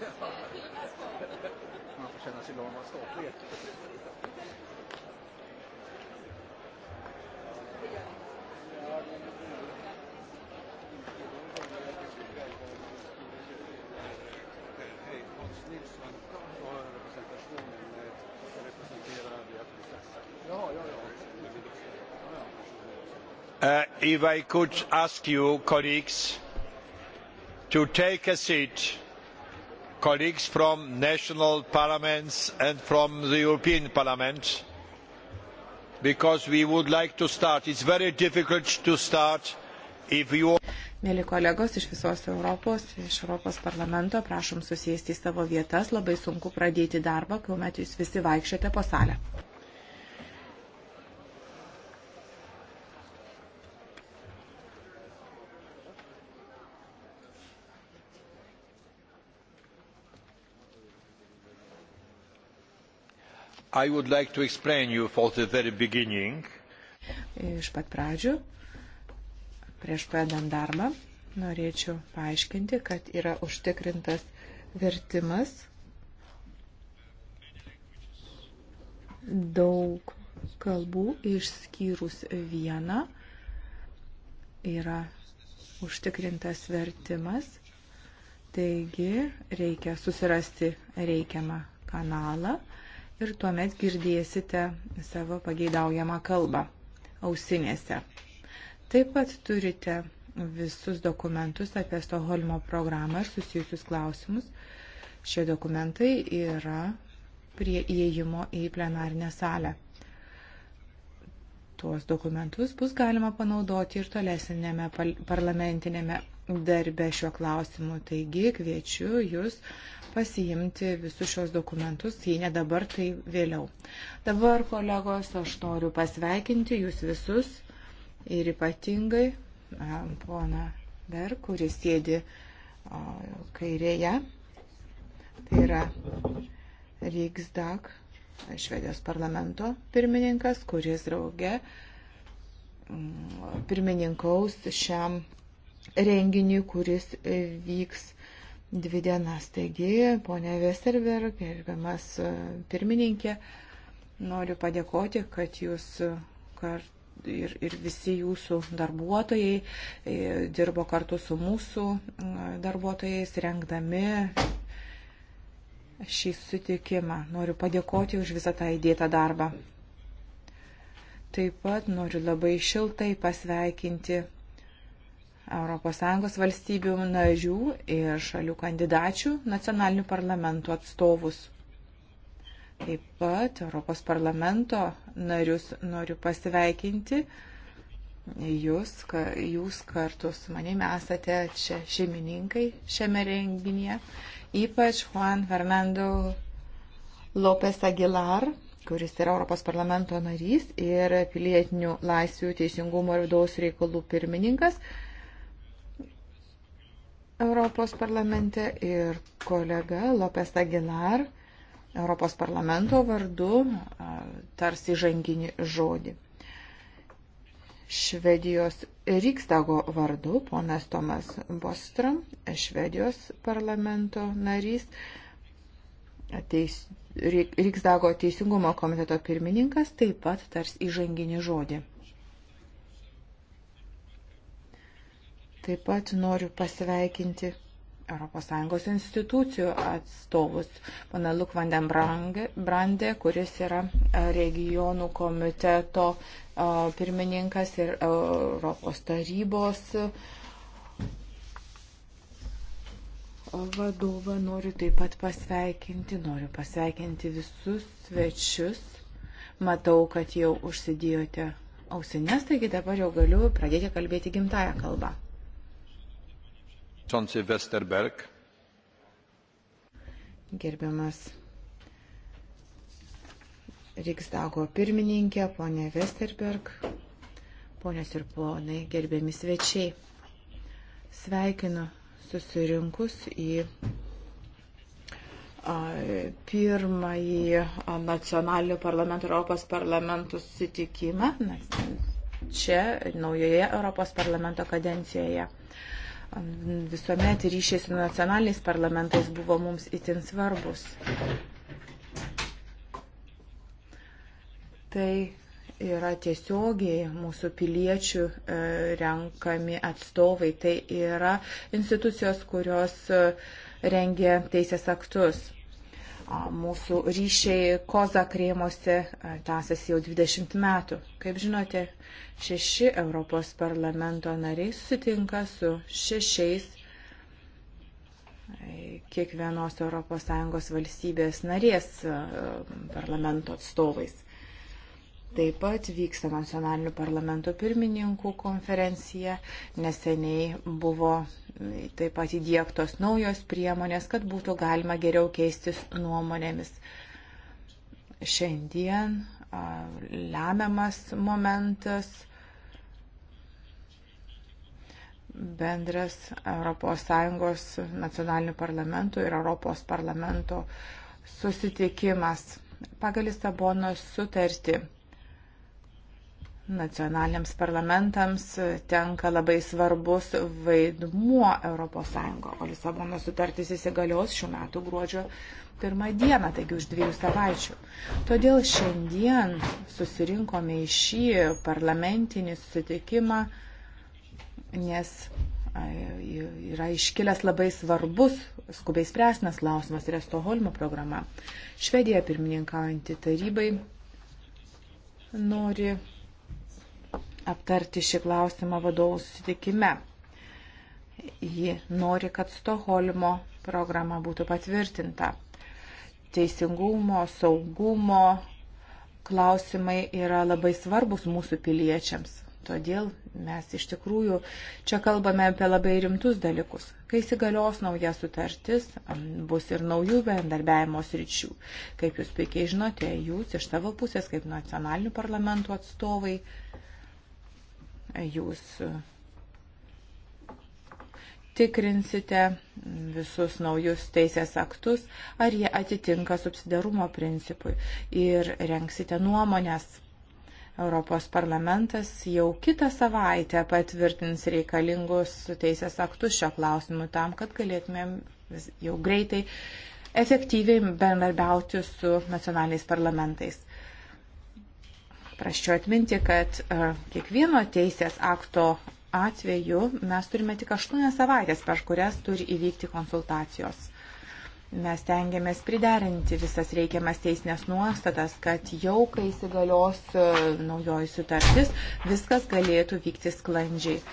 Man får känna sig lång och ståtlig. Nilsson var representationen som representerar Beatrice Ask. Ja, ja, ja. Uh, if I could ask you, colleagues, to take a seat colleagues from national parliaments and from the European Parliament because we would like to start. It's very difficult to start if you Mėly kolegos iš visos Europos, iš Europos parlamento, prašom susėsti į savo vietas. Labai sunku pradėti darbą, kuomet jūs visi vaikščiate po salę. Like Iš pat pradžių, prieš pradant darbą, norėčiau paaiškinti, kad yra užtikrintas vertimas daug kalbų išskyrus vieną yra užtikrintas vertimas, taigi reikia susirasti reikiamą kanalą ir tuomet girdėsite savo pageidaujamą kalbą ausinėse. Taip pat turite visus dokumentus apie Stoholmo programą ir susijusius klausimus. Šie dokumentai yra prie įėjimo į plenarinę salę. Tuos dokumentus bus galima panaudoti ir tolesnėme parlamentinėme darbę šiuo klausimu. Taigi kviečiu Jūs pasiimti visus šios dokumentus, jei ne dabar, tai vėliau. Dabar, kolegos, aš noriu pasveikinti Jūs visus ir ypatingai poną Ber, kuris sėdi kairėje. Tai yra Riksdag, Švedijos parlamento pirmininkas, kuris drauge mm, pirmininkaus šiam renginį, kuris e, vyks dvi dienas. Taigi, ponia Vesterberg, gerbiamas e, pirmininkė, noriu padėkoti, kad jūs e, kart, ir, ir visi jūsų darbuotojai dirbo kartu su mūsų darbuotojais, rengdami šį sutikimą. Noriu padėkoti už visą tą įdėtą darbą. Taip pat noriu labai šiltai pasveikinti ES valstybių narių ir šalių kandidačių nacionalinių parlamentų atstovus. Taip pat Europos parlamento narius noriu pasveikinti. Jūs, jūs kartu su manimi esate čia šeimininkai šiame renginyje, ypač Juan Fernando Lopes Aguilar, kuris yra Europos parlamento narys ir pilietinių laisvių teisingumo ir vidaus reikalų pirmininkas. Europos parlamente ir kolega Lopes Aguilar Europos parlamento vardu tarsi žanginį žodį. Švedijos Rikstago vardu ponas Tomas Bostrom, Švedijos parlamento narys, teis, Rikstago teisingumo komiteto pirmininkas, taip pat tars įžanginį žodį. Taip pat noriu pasveikinti ES institucijų atstovus, pana Luk van den Brande, kuris yra e, regionų komiteto e, pirmininkas ir e, Europos tarybos vadovą. Noriu taip pat pasveikinti, noriu pasveikinti visus svečius. Matau, kad jau užsidėjote ausinės, taigi dabar jau galiu pradėti kalbėti gimtają kalbą. Čonsi Westerberg. Gerbiamas Riksdago pirmininkė, ponė Westerberg, ponės ir ponai, gerbiami svečiai. Sveikinu susirinkus į pirmąjį nacionalinio parlamento Europos parlamentų susitikimą čia naujoje Europos parlamento kadencijoje visuomet ryšiai su nacionaliniais parlamentais buvo mums itin svarbus. Tai yra tiesiogiai mūsų piliečių e, renkami atstovai, tai yra institucijos, kurios e, rengia teisės aktus. Mūsų ryšiai Kozak rėmose tęsiasi jau 20 metų. Kaip žinote, šeši Europos parlamento nariai susitinka su šešiais e, kiekvienos ES valstybės narės e, parlamento atstovais. Taip pat vyksta nacionalinių parlamentų pirmininkų konferencija. Neseniai buvo taip pat įdėktos naujos priemonės, kad būtų galima geriau keistis nuomonėmis. Šiandien a, lemiamas momentas bendras ES nacionalinių parlamentų ir ES parlamento susitikimas pagal Lisabonos sutartį nacionaliniams parlamentams tenka labai svarbus vaidmuo ES, o Lisabono sutartis įsigalios šių metų gruodžio pirmą dieną, taigi už dviejų savaičių. Todėl šiandien susirinkome į šį parlamentinį susitikimą, nes yra iškilęs labai svarbus, skubiai spręsnas klausimas yra Stoholmo programa. Švedija pirmininkaujanti tarybai nori aptarti šį klausimą vadovų susitikime. Ji nori, kad Stoholmo programa būtų patvirtinta. Teisingumo, saugumo klausimai yra labai svarbus mūsų piliečiams. Todėl mes iš tikrųjų čia kalbame apie labai rimtus dalykus. Kai įsigalios nauja sutartis, bus ir naujų bendarbiavimo sričių. Kaip jūs puikiai žinote, jūs iš savo pusės, kaip nacionalinių parlamentų atstovai, jūs e, tikrinsite visus naujus teisės aktus, ar jie atitinka subsidarumo principui ir renksite nuomonės. Europos parlamentas jau kitą savaitę patvirtins reikalingus teisės aktus šio klausimu tam, kad galėtumėm jau greitai efektyviai bendarbiauti su nacionaliniais parlamentais. Praščiau atminti, kad e, kiekvieno teisės akto atveju mes turime tik 8 savaitės, per kurias turi įvykti konsultacijos. Mes tengiamės priderinti visas reikiamas teisinės nuostatas, kad jau kai įsigalios e, naujoji sutartis, viskas galėtų vykti sklandžiai.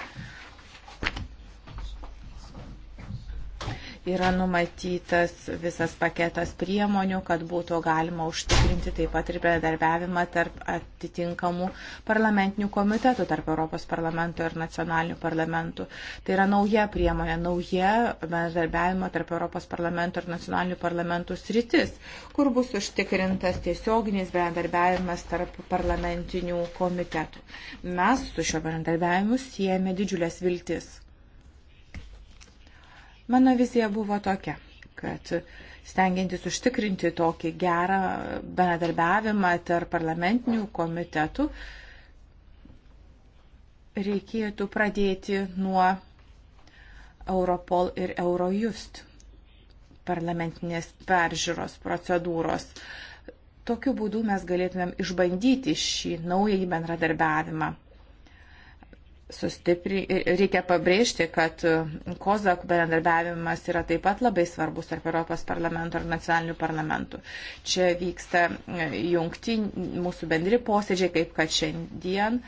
yra numatytas visas paketas priemonių, kad būtų galima užtikrinti taip pat ir bendarbiavimą tarp atitinkamų parlamentinių komitetų, tarp Europos parlamento ir nacionalinių parlamentų. Tai yra nauja priemonė, nauja bendarbiavimo tarp Europos parlamento ir nacionalinių parlamentų sritis, kur bus užtikrintas tiesioginis bendarbiavimas tarp parlamentinių komitetų. Mes su šio bendarbiavimu siejame didžiulės viltis. Mano vizija buvo tokia, kad stengiantis užtikrinti tokį gerą bendradarbiavimą tarp parlamentinių komitetų, reikėtų pradėti nuo Europol ir Eurojust parlamentinės peržiūros procedūros. Tokiu būdu mes galėtumėm išbandyti šį naująjį bendradarbiavimą sustipri, reikia pabrėžti, kad e, kozak bendradarbiavimas yra taip pat labai svarbus tarp Europos parlamento ir nacionalinių parlamentų. Čia vyksta e, jungti mūsų bendri posėdžiai, kaip kad šiandien.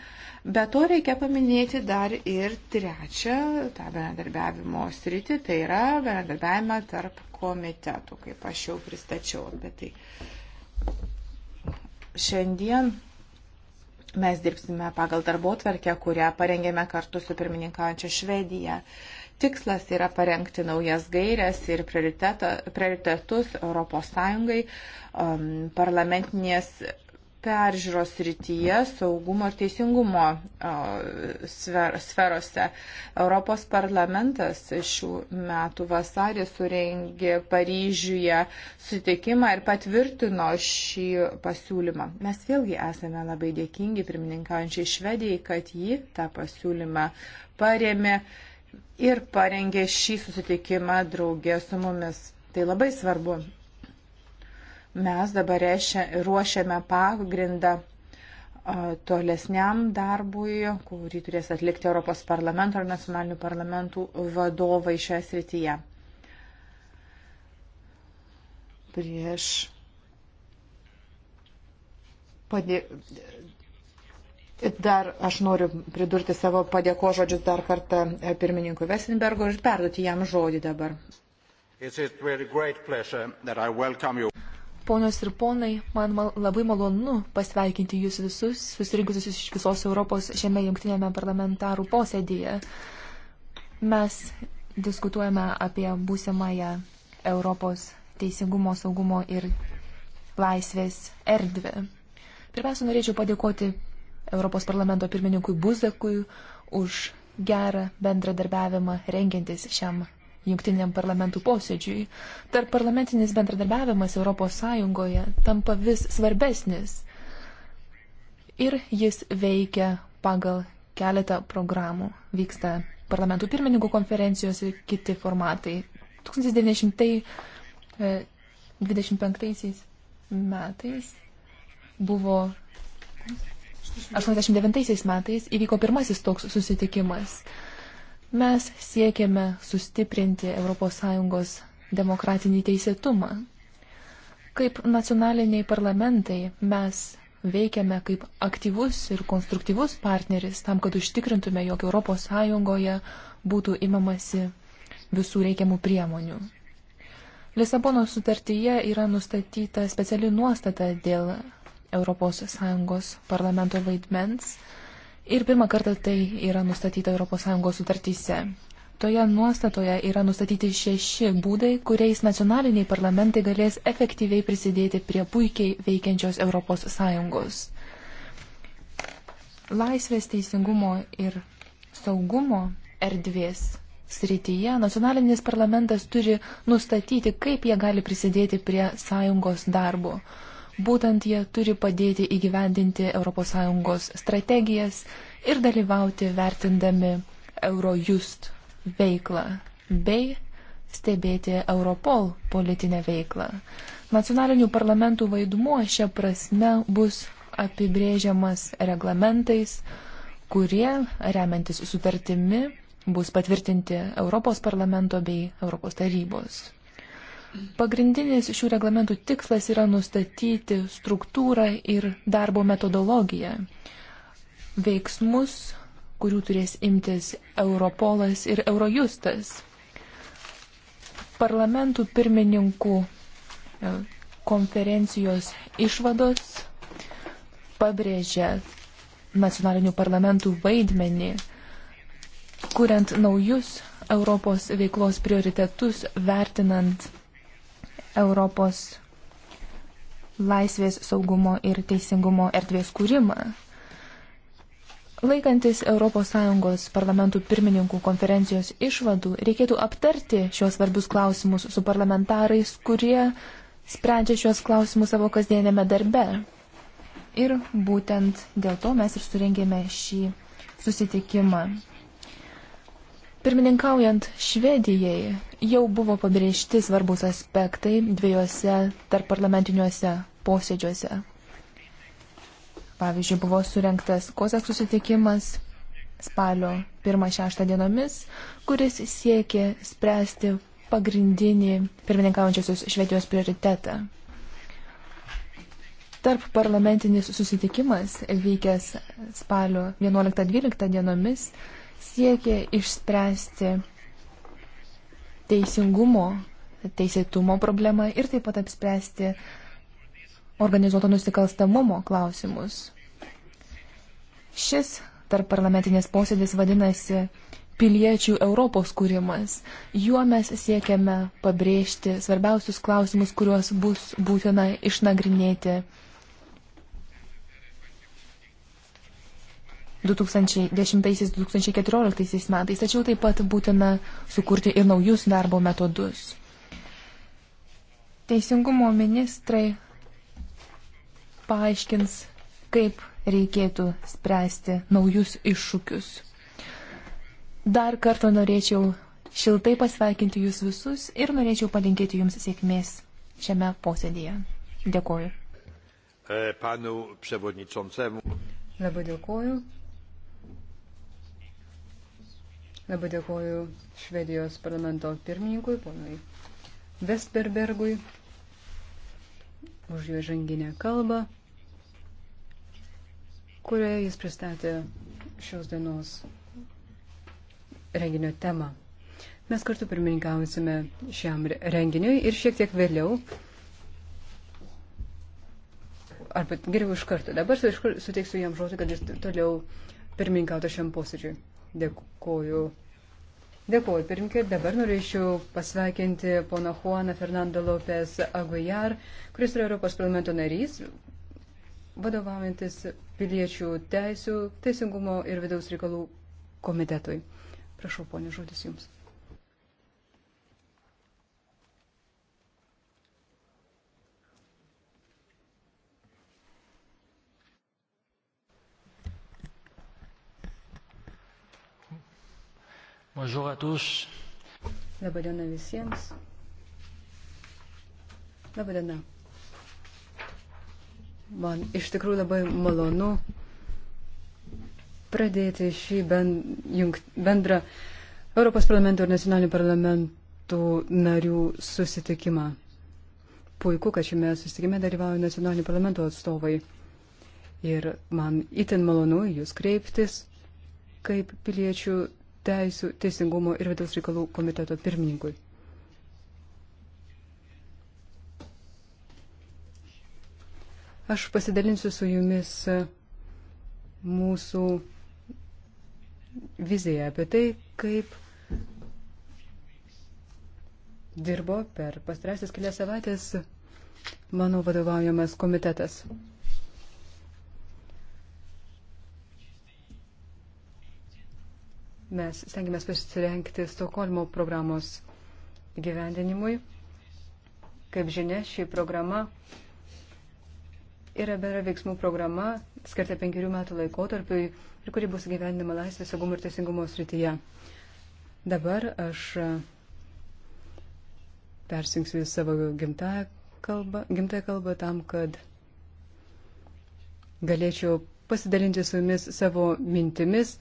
Be to reikia paminėti dar ir trečią tą bendradarbiavimo sritį, tai yra bendradarbiavimą tarp komitetų, kaip aš jau pristačiau apie tai. Šiandien Mes dirbsime pagal darbo tvarkę, kurią parengėme kartu su pirmininkaujančia Švedija. Tikslas yra parengti naujas gairias ir prioritetus ES um, parlamentinės peržiūros rytyje, saugumo ir teisingumo sferose. Europos parlamentas šių metų vasarį surengė Paryžiuje sutikimą ir patvirtino šį pasiūlymą. Mes vėlgi esame labai dėkingi pirmininkaujančiai Švedijai, kad ji tą pasiūlymą paremė ir parengė šį susitikimą draugė su mumis. Tai labai svarbu. Mes dabar ruošiame pagrindą tolesniam darbui, kurį turės atlikti Europos parlamento ar nacionalinių parlamentų vadovai šioje srityje. Prieš padė... Dar aš noriu pridurti savo padėko žodžius dar kartą e, pirmininkui Vesenbergo ir perduoti jam žodį dabar. Ponios ir ponai, man mal, labai malonu pasveikinti jūs visus, susirinkusius iš visos Europos šiame jungtinėme parlamentarų posėdėje. Mes diskutuojame apie būsimąją Europos teisingumo, saugumo ir laisvės erdvę. Pirmiausia, norėčiau padėkoti Europos parlamento pirmininkui Buzekui už gerą bendradarbiavimą rengiantis šiam jungtiniam parlamentų posėdžiui, tarp parlamentinis bendradarbiavimas ES tampa vis svarbesnis ir jis veikia pagal keletą programų. Vyksta parlamentų pirmininkų konferencijos ir kiti formatai. 1925 e, metais buvo 89 metais įvyko pirmasis toks susitikimas. Mes siekiame sustiprinti ES demokratinį teisėtumą. Kaip nacionaliniai parlamentai mes veikiame kaip aktyvus ir konstruktyvus partneris tam, kad užtikrintume, jog ES būtų imamasi visų reikiamų priemonių. Lisabono sutartyje yra nustatyta speciali nuostata dėl ES parlamento vaidmens Ir pirmą kartą tai yra nustatyta ES sutartyse. Toje nuostatoje yra nustatyti šeši būdai, kuriais nacionaliniai parlamentai galės efektyviai prisidėti prie puikiai veikiančios ES. Laisvės, teisingumo ir saugumo erdvės srityje nacionalinis parlamentas turi nustatyti, kaip jie gali prisidėti prie sąjungos darbo. Būtent jie turi padėti įgyvendinti ES strategijas ir dalyvauti vertindami Eurojust veiklą bei stebėti Europol politinę veiklą. Nacionalinių parlamentų vaidmuo šią prasme bus apibrėžiamas reglamentais, kurie, remiantis sutartimi, bus patvirtinti Europos parlamento bei Europos tarybos. Pagrindinis šių reglamentų tikslas yra nustatyti struktūrą ir darbo metodologiją, veiksmus, kurių turės imtis Europolas ir Eurojustas. Parlamentų pirmininkų e, konferencijos išvados pabrėžia nacionalinių parlamentų vaidmenį, kuriant naujus Europos veiklos prioritetus, vertinant Europos laisvės, saugumo ir teisingumo erdvės kūrimą. Laikantis ES parlamentų pirmininkų konferencijos išvadų, reikėtų aptarti šios svarbius klausimus su parlamentarais, kurie sprendžia šios klausimus savo kasdienėme darbe. Ir būtent dėl to mes ir surengėme šį susitikimą. Pirmininkaujant Švedijai jau buvo pabrėžti svarbus aspektai dviejose tarp parlamentiniuose posėdžiuose. Pavyzdžiui, buvo surinktas Kozak susitikimas spalio 1-6 dienomis, kuris siekė spręsti pagrindinį pirmininkaujančiosios Švedijos prioritetą. Tarp parlamentinis susitikimas vykęs spalio 11-12 dienomis siekia išspręsti teisingumo, teisėtumo problemą ir taip pat apspręsti organizuoto nusikalstamumo klausimus. Šis tarp parlamentinės posėdis vadinasi piliečių Europos kūrimas. Juo mes siekiame pabrėžti svarbiausius klausimus, kuriuos bus būtina išnagrinėti 2010-2014 metais, tačiau taip pat būtina sukurti ir naujus darbo metodus. Teisingumo ministrai paaiškins, kaip reikėtų spręsti naujus iššūkius. Dar kartą norėčiau šiltai pasveikinti jūs visus ir norėčiau palinkėti jums sėkmės šiame posėdėje. Dėkuoju. E, panu Labai dėkuoju Labai dėkoju Švedijos parlamento pirmininkui, ponui Vesperbergui, už jo žanginę kalbą, kurioje jis pristatė šios dienos renginio temą. Mes kartu pirmininkausime šiam renginiui ir šiek tiek vėliau, arba geriau iš karto, dabar suteiksiu jam žodį, kad jis toliau pirmininkautų šiam posėdžiui. Dėkuoju. Dėkuoju, pirmkė. Dabar norėčiau pasveikinti pono Juaną Fernando Lopez Aguilar, kuris yra Europos parlamento narys, vadovaujantis piliečių teisų, teisingumo ir vidaus reikalų komitetui. Prašau, ponė, žodis jums. Bonjour à tous. Labadiena visiems. Labadiena. Man iš tikrųjų labai malonu pradėti šį bendrą Europos parlamento ir nacionalinių parlamentų narių susitikimą. Puiku, kad šiame susitikime dalyvauja nacionalinių parlamentų atstovai. Ir man itin malonu jūs kreiptis kaip piliečių teisų, teisingumo ir vidaus reikalų komiteto pirmininkui. Aš pasidalinsiu su jumis e, mūsų viziją apie tai, kaip dirbo per pastrasis kelias savaitės mano vadovaujamas komitetas. mes stengiamės pasirengti Stokholmo programos gyvendinimui. Kaip žinia, ši programa yra bendra veiksmų programa skirta penkerių metų laikotarpiui ir kuri bus gyvendinama laisvės, saugumo ir teisingumo srityje. Dabar aš persingsiu savo gimtąją kalbą, gimtąją kalbą tam, kad galėčiau pasidalinti su jumis savo mintimis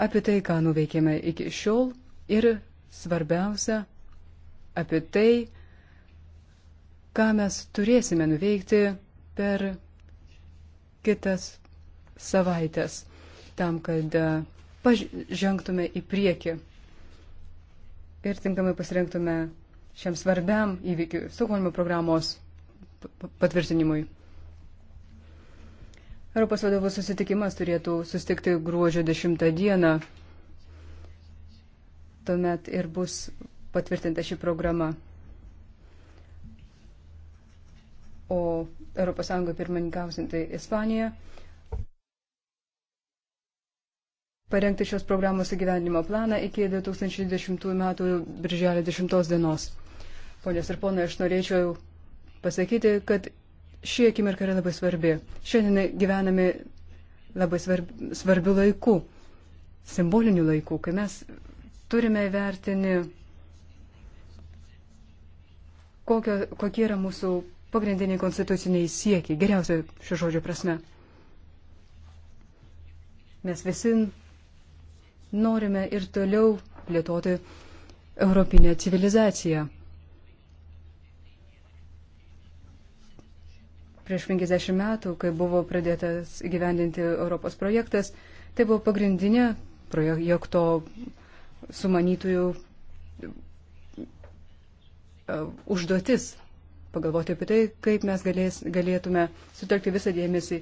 apie tai, ką nuveikėme iki šiol ir svarbiausia, apie tai, ką mes turėsime nuveikti per kitas savaitės, tam, kad e, pažengtume į priekį ir tinkamai pasirengtume šiam svarbiam įvykiu Stokholmo programos patvirtinimui. Europos vadovų susitikimas turėtų sustikti gruodžio 10 dieną. Tuomet ir bus patvirtinta ši programa. O ES pirmininkausintai Ispanija parengti šios programos įgyvendinimo planą iki 2010 m. birželio 10 dienos. Ponios ir ponai, aš norėčiau pasakyti, kad Šie akimirka yra labai svarbi. Šiandien gyvename labai svarbi, svarbių laikų, simbolinių laikų, kai mes turime vertinti, kokio, kokie yra mūsų pagrindiniai konstituciniai siekiai, geriausia šio žodžio prasme. Mes visi norime ir toliau plėtoti europinę civilizaciją. Prieš 50 metų, kai buvo pradėtas gyvendinti Europos projektas, tai buvo pagrindinė projekto sumanytojų e, užduotis pagalvoti apie tai, kaip mes galės, galėtume sutelkti visą dėmesį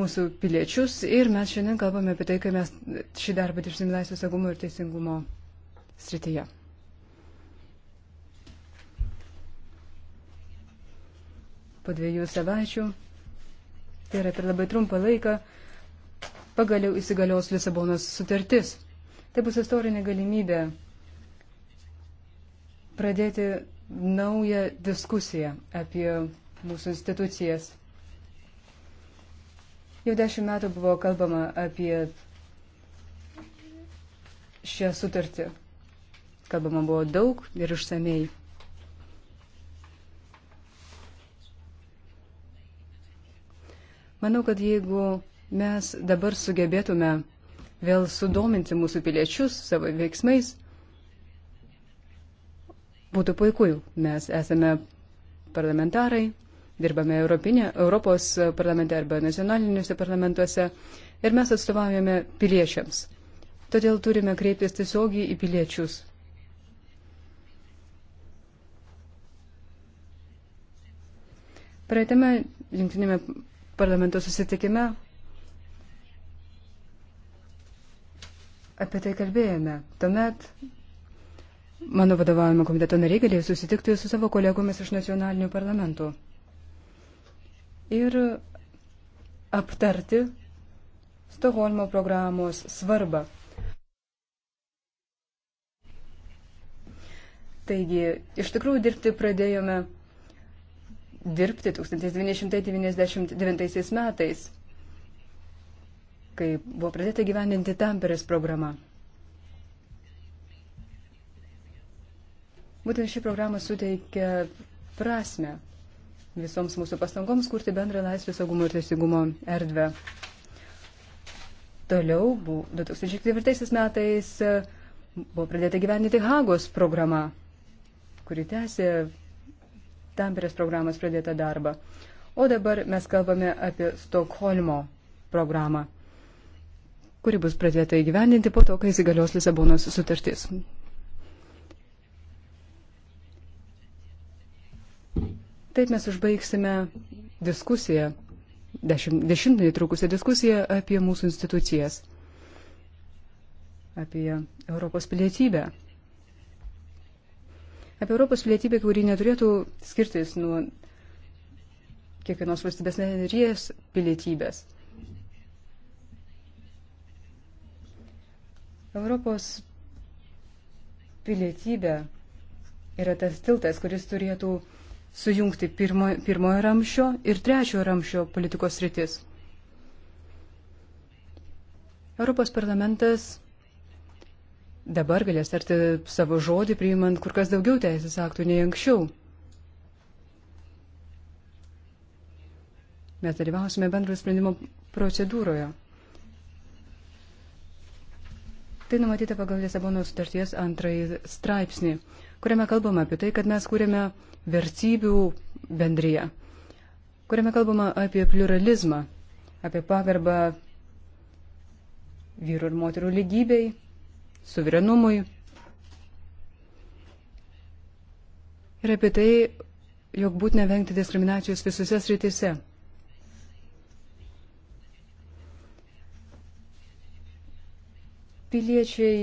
mūsų piliečius. Ir mes šiandien kalbame apie tai, kaip mes šį darbą dirbsime laisvės saugumo ir teisingumo srityje. po dviejų savaičių, tai yra per labai trumpą laiką, pagaliau įsigalios Lisabonos sutartis. Tai bus istorinė galimybė pradėti naują diskusiją apie mūsų institucijas. Jau dešimt metų buvo kalbama apie šią sutartį. Kalbama buvo daug ir išsamei. Manau, kad jeigu mes dabar sugebėtume vėl sudominti mūsų piliečius savo veiksmais, būtų puiku. Mes esame parlamentarai, dirbame Europinė, Europos parlamente arba nacionaliniuose parlamentuose ir mes atstovaujame piliečiams. Todėl turime kreiptis tiesiogiai į piliečius. Praeitame jungtinėme parlamento susitikime apie tai kalbėjome. Tuomet mano vadovavimo komiteto nariai galėjo susitikti su savo kolegomis iš nacionalinių parlamentų ir aptarti Stokholmo programos svarbą. Taigi, iš tikrųjų dirbti pradėjome dirbti 1999 metais, kai buvo pradėta gyveninti Tamperės programa. Būtent ši programa suteikia prasme visoms mūsų pastangoms kurti bendrą laisvę saugumo ir teisingumo erdvę. Toliau, 2004 metais e, buvo pradėta gyveninti Hagos programa, kuri tęsė Tamperės programos pradėtą darbą. O dabar mes kalbame apie Stokholmo programą, kuri bus pradėta įgyvendinti po to, kai įsigalios Lisabonos sutartis. Taip mes užbaigsime diskusiją, dešimt, dešimtąjį trukusią diskusiją apie mūsų institucijas, apie Europos pilietybę apie Europos pilietybę, kuri neturėtų skirtis nuo kiekvienos valstybės narės pilietybės. Europos pilietybė yra tas tiltas, kuris turėtų sujungti pirmo, pirmojo ramšio ir trečiojo ramšio politikos rytis. Europos parlamentas dabar galės tarti savo žodį, priimant kur kas daugiau teisės aktų nei anksčiau. Mes dalyvausime bendro sprendimo procedūroje. Tai numatyta pagal Lisabonos sutarties antrąjį straipsnį, kuriame kalbama apie tai, kad mes kūrėme vertybių bendryje, kuriame kalbama apie pluralizmą, apie pagarbą vyrų ir moterų lygybei suverenumui. Ir apie tai, jog būtina vengti diskriminacijos visose srityse. Piliečiai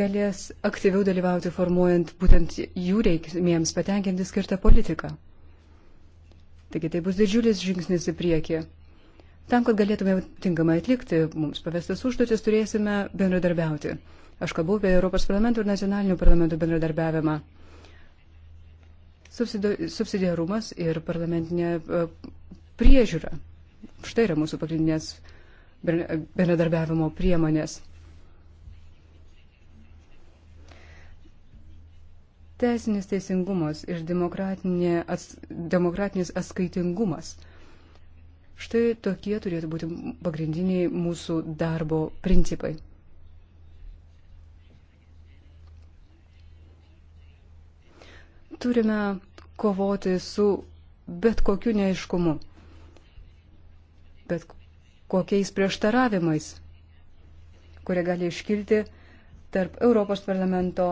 galės aktyviau dalyvauti formuojant būtent jų reikmėms patenkinti skirtą politiką. Taigi tai bus didžiulis žingsnis į priekį. Tam, kad galėtume tinkamai atlikti mums pavestas užduotis, turėsime bendradarbiauti. Aš kalbu apie Europos parlamentų ir nacionalinių parlamentų bendradarbiavimą. Subsidiarumas ir parlamentinė e, priežiūra. Štai yra mūsų pagrindinės bendradarbiavimo priemonės. Teisinis teisingumas ir demokratinis atskaitingumas Štai tokie turėtų būti pagrindiniai mūsų darbo principai. Turime kovoti su bet kokiu neaiškumu, bet kokiais prieštaravimais, kurie gali iškilti tarp Europos parlamento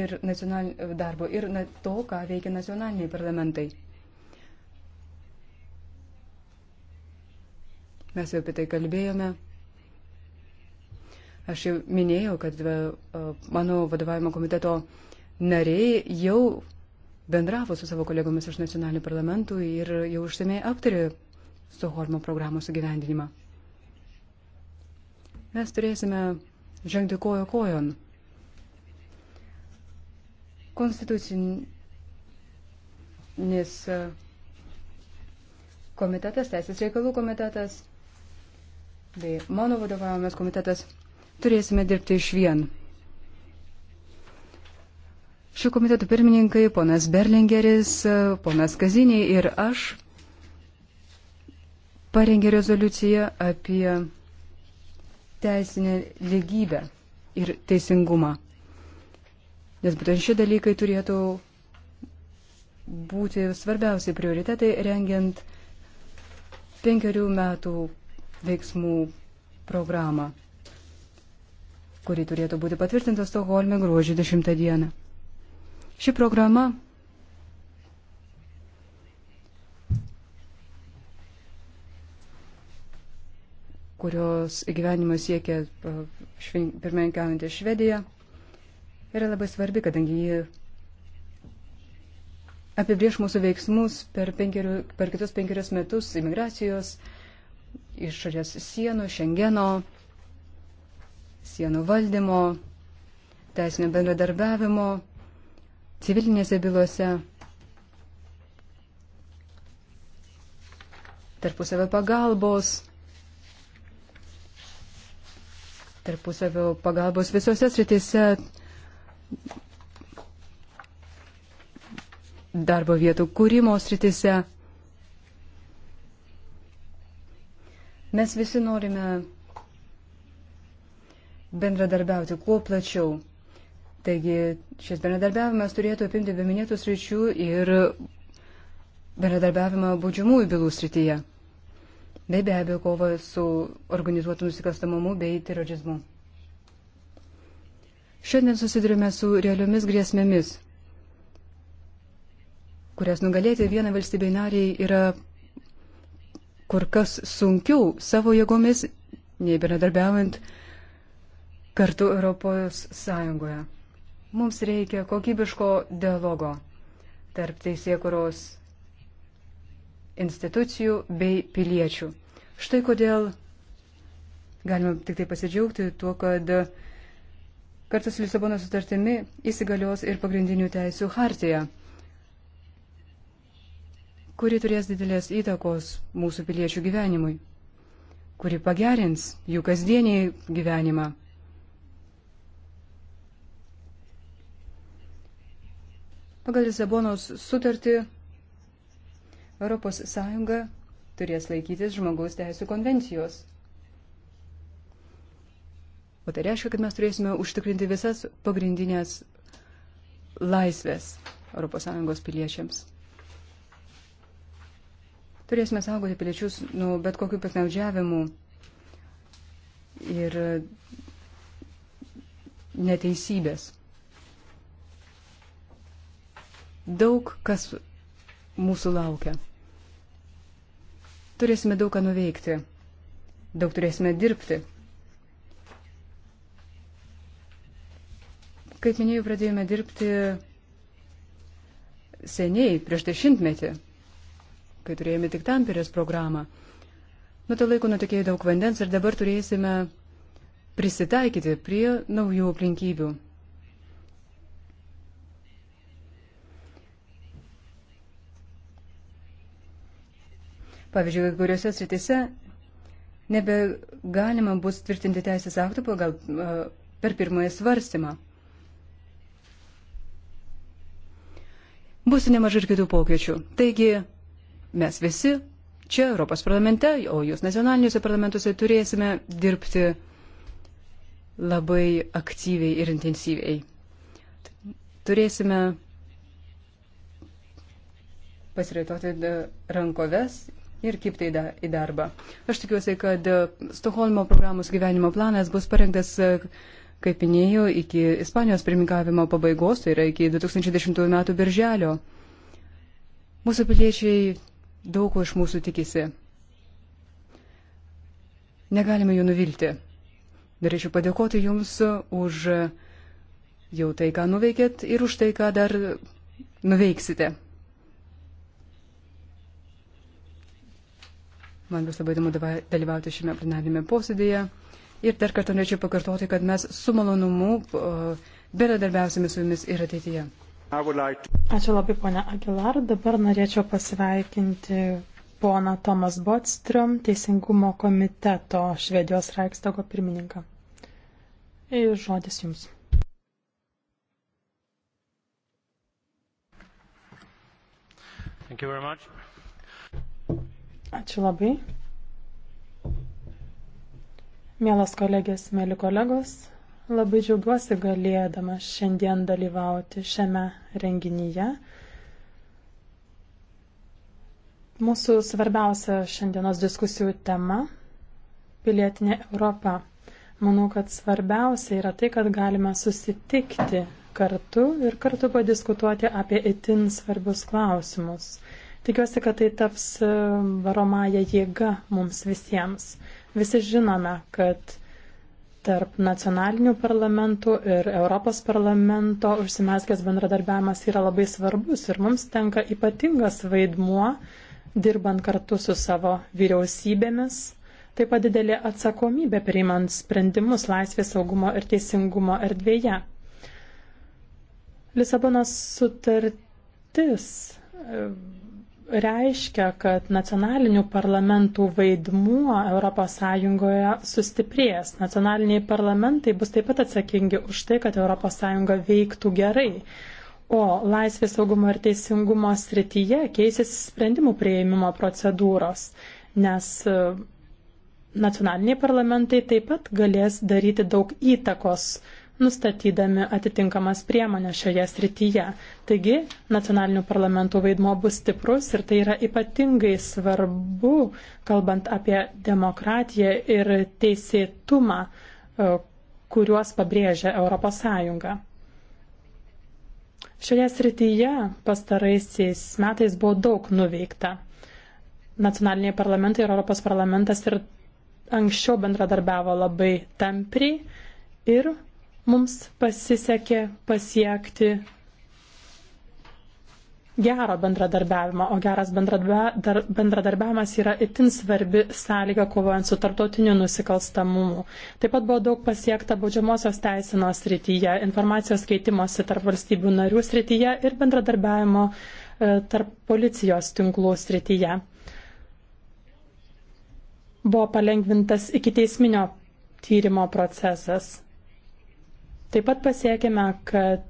ir nacional... darbo ir to, ką veikia nacionaliniai parlamentai. Mes jau apie tai kalbėjome. Aš jau minėjau, kad mano vadovavimo komiteto nariai jau bendravo su savo kolegomis iš nacionalinių parlamentų ir jau užsiemiai aptarė Stoholmo programos įgyvendinimą. Mes turėsime žengti kojo kojon. Konstitucinis komitetas, teisės reikalų komitetas bei mano vadovavimas komitetas turėsime dirbti iš vien. Šių komitetų pirmininkai, ponas Berlingeris, ponas Kazinė ir aš parengė rezoliuciją apie teisinę lygybę ir teisingumą. Nes būtent šie dalykai turėtų būti svarbiausi prioritetai rengiant penkerių metų veiksmų programą, kuri turėtų būti patvirtinta Stokholme gruodžio 10 dieną. Ši programa kurios gyvenimas siekia pirmininkaujantį Švediją, yra labai svarbi, kadangi ji apibrieš mūsų veiksmus per, penkerių, per kitus penkerius metus imigracijos, išorės sienų, šengeno, sienų valdymo, teisinio bendradarbiavimo, civilinėse bylose, tarpusavio pagalbos, tarpusavio pagalbos visose sritise, darbo vietų kūrimo sritise. Mes visi norime bendradarbiauti kuo plačiau. Taigi šis bendradarbiavimas turėtų apimti be minėtų sričių ir bendradarbiavimą baudžiamųjų bylų srityje. Bei be abejo kova su organizuotu nusikalstamumu bei terorizmu. Šiandien susidurime su realiomis grėsmėmis, kurias nugalėti vieną valstybei nariai yra kur kas sunkiau savo jėgomis, nei bendradarbiaujant kartu Europos Sąjungoje. Mums reikia kokybiško dialogo tarp teisėkuros institucijų bei piliečių. Štai kodėl galime tik tai pasidžiaugti tuo, kad kartu su Lisabono sutartimi įsigalios ir pagrindinių teisų hartija kuri turės didelės įtakos mūsų piliečių gyvenimui, kuri pagerins jų kasdienį gyvenimą. Pagal Lisabonos sutartį ES turės laikytis žmogaus teisų konvencijos. O tai reiškia, kad mes turėsime užtikrinti visas pagrindinės laisvės ES piliečiams. Turėsime saugoti piliečius nuo bet kokių piknaudžiavimų ir neteisybės. Daug kas mūsų laukia. Turėsime daug ką nuveikti, daug turėsime dirbti. Kaip minėjau, pradėjome dirbti seniai, prieš dešimtmetį kai turėjome tik Tamperės programą. Nuo to laiko nutekėjo daug vandens ir dabar turėsime prisitaikyti prie naujų aplinkybių. Pavyzdžiui, kai kuriuose sritise nebegalima bus tvirtinti teisės aktų pagal, per pirmąją svarstymą. Bus nemažai ir kitų pokyčių. Taigi, mes visi čia Europos parlamente, o jūs nacionaliniuose parlamentuose turėsime dirbti labai aktyviai ir intensyviai. Turėsime pasireitoti rankoves ir kipti į darbą. Aš tikiuosi, kad e, Stokholmo programos gyvenimo planas bus parengtas, e, kaip minėjau, iki Ispanijos pirmininkavimo pabaigos, tai yra iki 2010 m. birželio. Mūsų piliečiai daug ko iš mūsų tikisi. Negalime jų nuvilti. Norėčiau padėkoti Jums už jau tai, ką nuveikėt ir už tai, ką dar nuveiksite. Man bus labai įdomu dalyvauti šiame plenarinėme posėdėje. Ir dar kartą norėčiau pakartoti, kad mes su malonumu uh, bendradarbiausime su jumis ir ateityje. Ačiū labai, ponia Aguilar. Dabar norėčiau pasveikinti poną Tomas Botstrom, Teisingumo komiteto Švedijos Raikstago pirmininką. Ir žodis jums. Ačiū labai. Mielas kolegės, mėly kolegos, Labai džiaugiuosi galėdama šiandien dalyvauti šiame renginyje. Mūsų svarbiausia šiandienos diskusijų tema - pilietinė Europa. Manau, kad svarbiausia yra tai, kad galime susitikti kartu ir kartu padiskutuoti apie itin svarbius klausimus. Tikiuosi, kad tai taps varomąją jėgą mums visiems. Visi žinome, kad tarp nacionalinių parlamentų ir Europos parlamento užsimeskęs bendradarbiavimas yra labai svarbus ir mums tenka ypatingas vaidmuo, dirbant kartu su savo vyriausybėmis, taip pat didelė atsakomybė priimant sprendimus laisvės saugumo ir teisingumo erdvėje. Lisabonos sutartis reiškia, kad nacionalinių parlamentų vaidmuo ES sustiprės. Nacionaliniai parlamentai bus taip pat atsakingi už tai, kad ES veiktų gerai. O laisvės saugumo ir teisingumo srityje keisis sprendimų prieimimo procedūros, nes e, nacionaliniai parlamentai taip pat galės daryti daug įtakos nustatydami atitinkamas priemonės šioje srityje. Taigi, nacionalinių parlamentų vaidmo bus stiprus ir tai yra ypatingai svarbu, kalbant apie demokratiją ir teisėtumą, e, kuriuos pabrėžia ES. Šioje srityje pastaraisiais metais buvo daug nuveikta. Nacionaliniai parlamentai ir Europos parlamentas ir anksčiau bendradarbiavo labai tampriai ir mums pasisekė pasiekti gerą bendradarbiavimą, o geras bendradarbiavimas yra itin svarbi sąlyga kovojant su tarptautiniu nusikalstamumu. Taip pat buvo daug pasiekta baudžiamosios teisinos srityje, informacijos keitimosi tarp valstybių narių srityje ir bendradarbiavimo e, tarp policijos tinklų srityje. Buvo palengvintas iki teisminio tyrimo procesas. Taip pat pasiekime, kad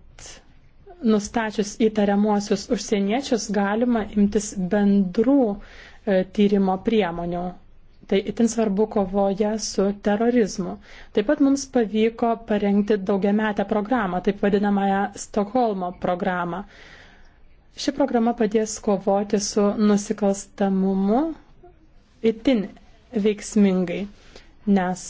nustačius įtariamuosius užsieniečius galima imtis bendrų e, tyrimo priemonių. Tai itin svarbu kovoje su terorizmu. Taip pat mums pavyko parengti daugiametę programą, taip vadinamąją Stokholmo programą. Ši programa padės kovoti su nusikalstamumu itin veiksmingai, nes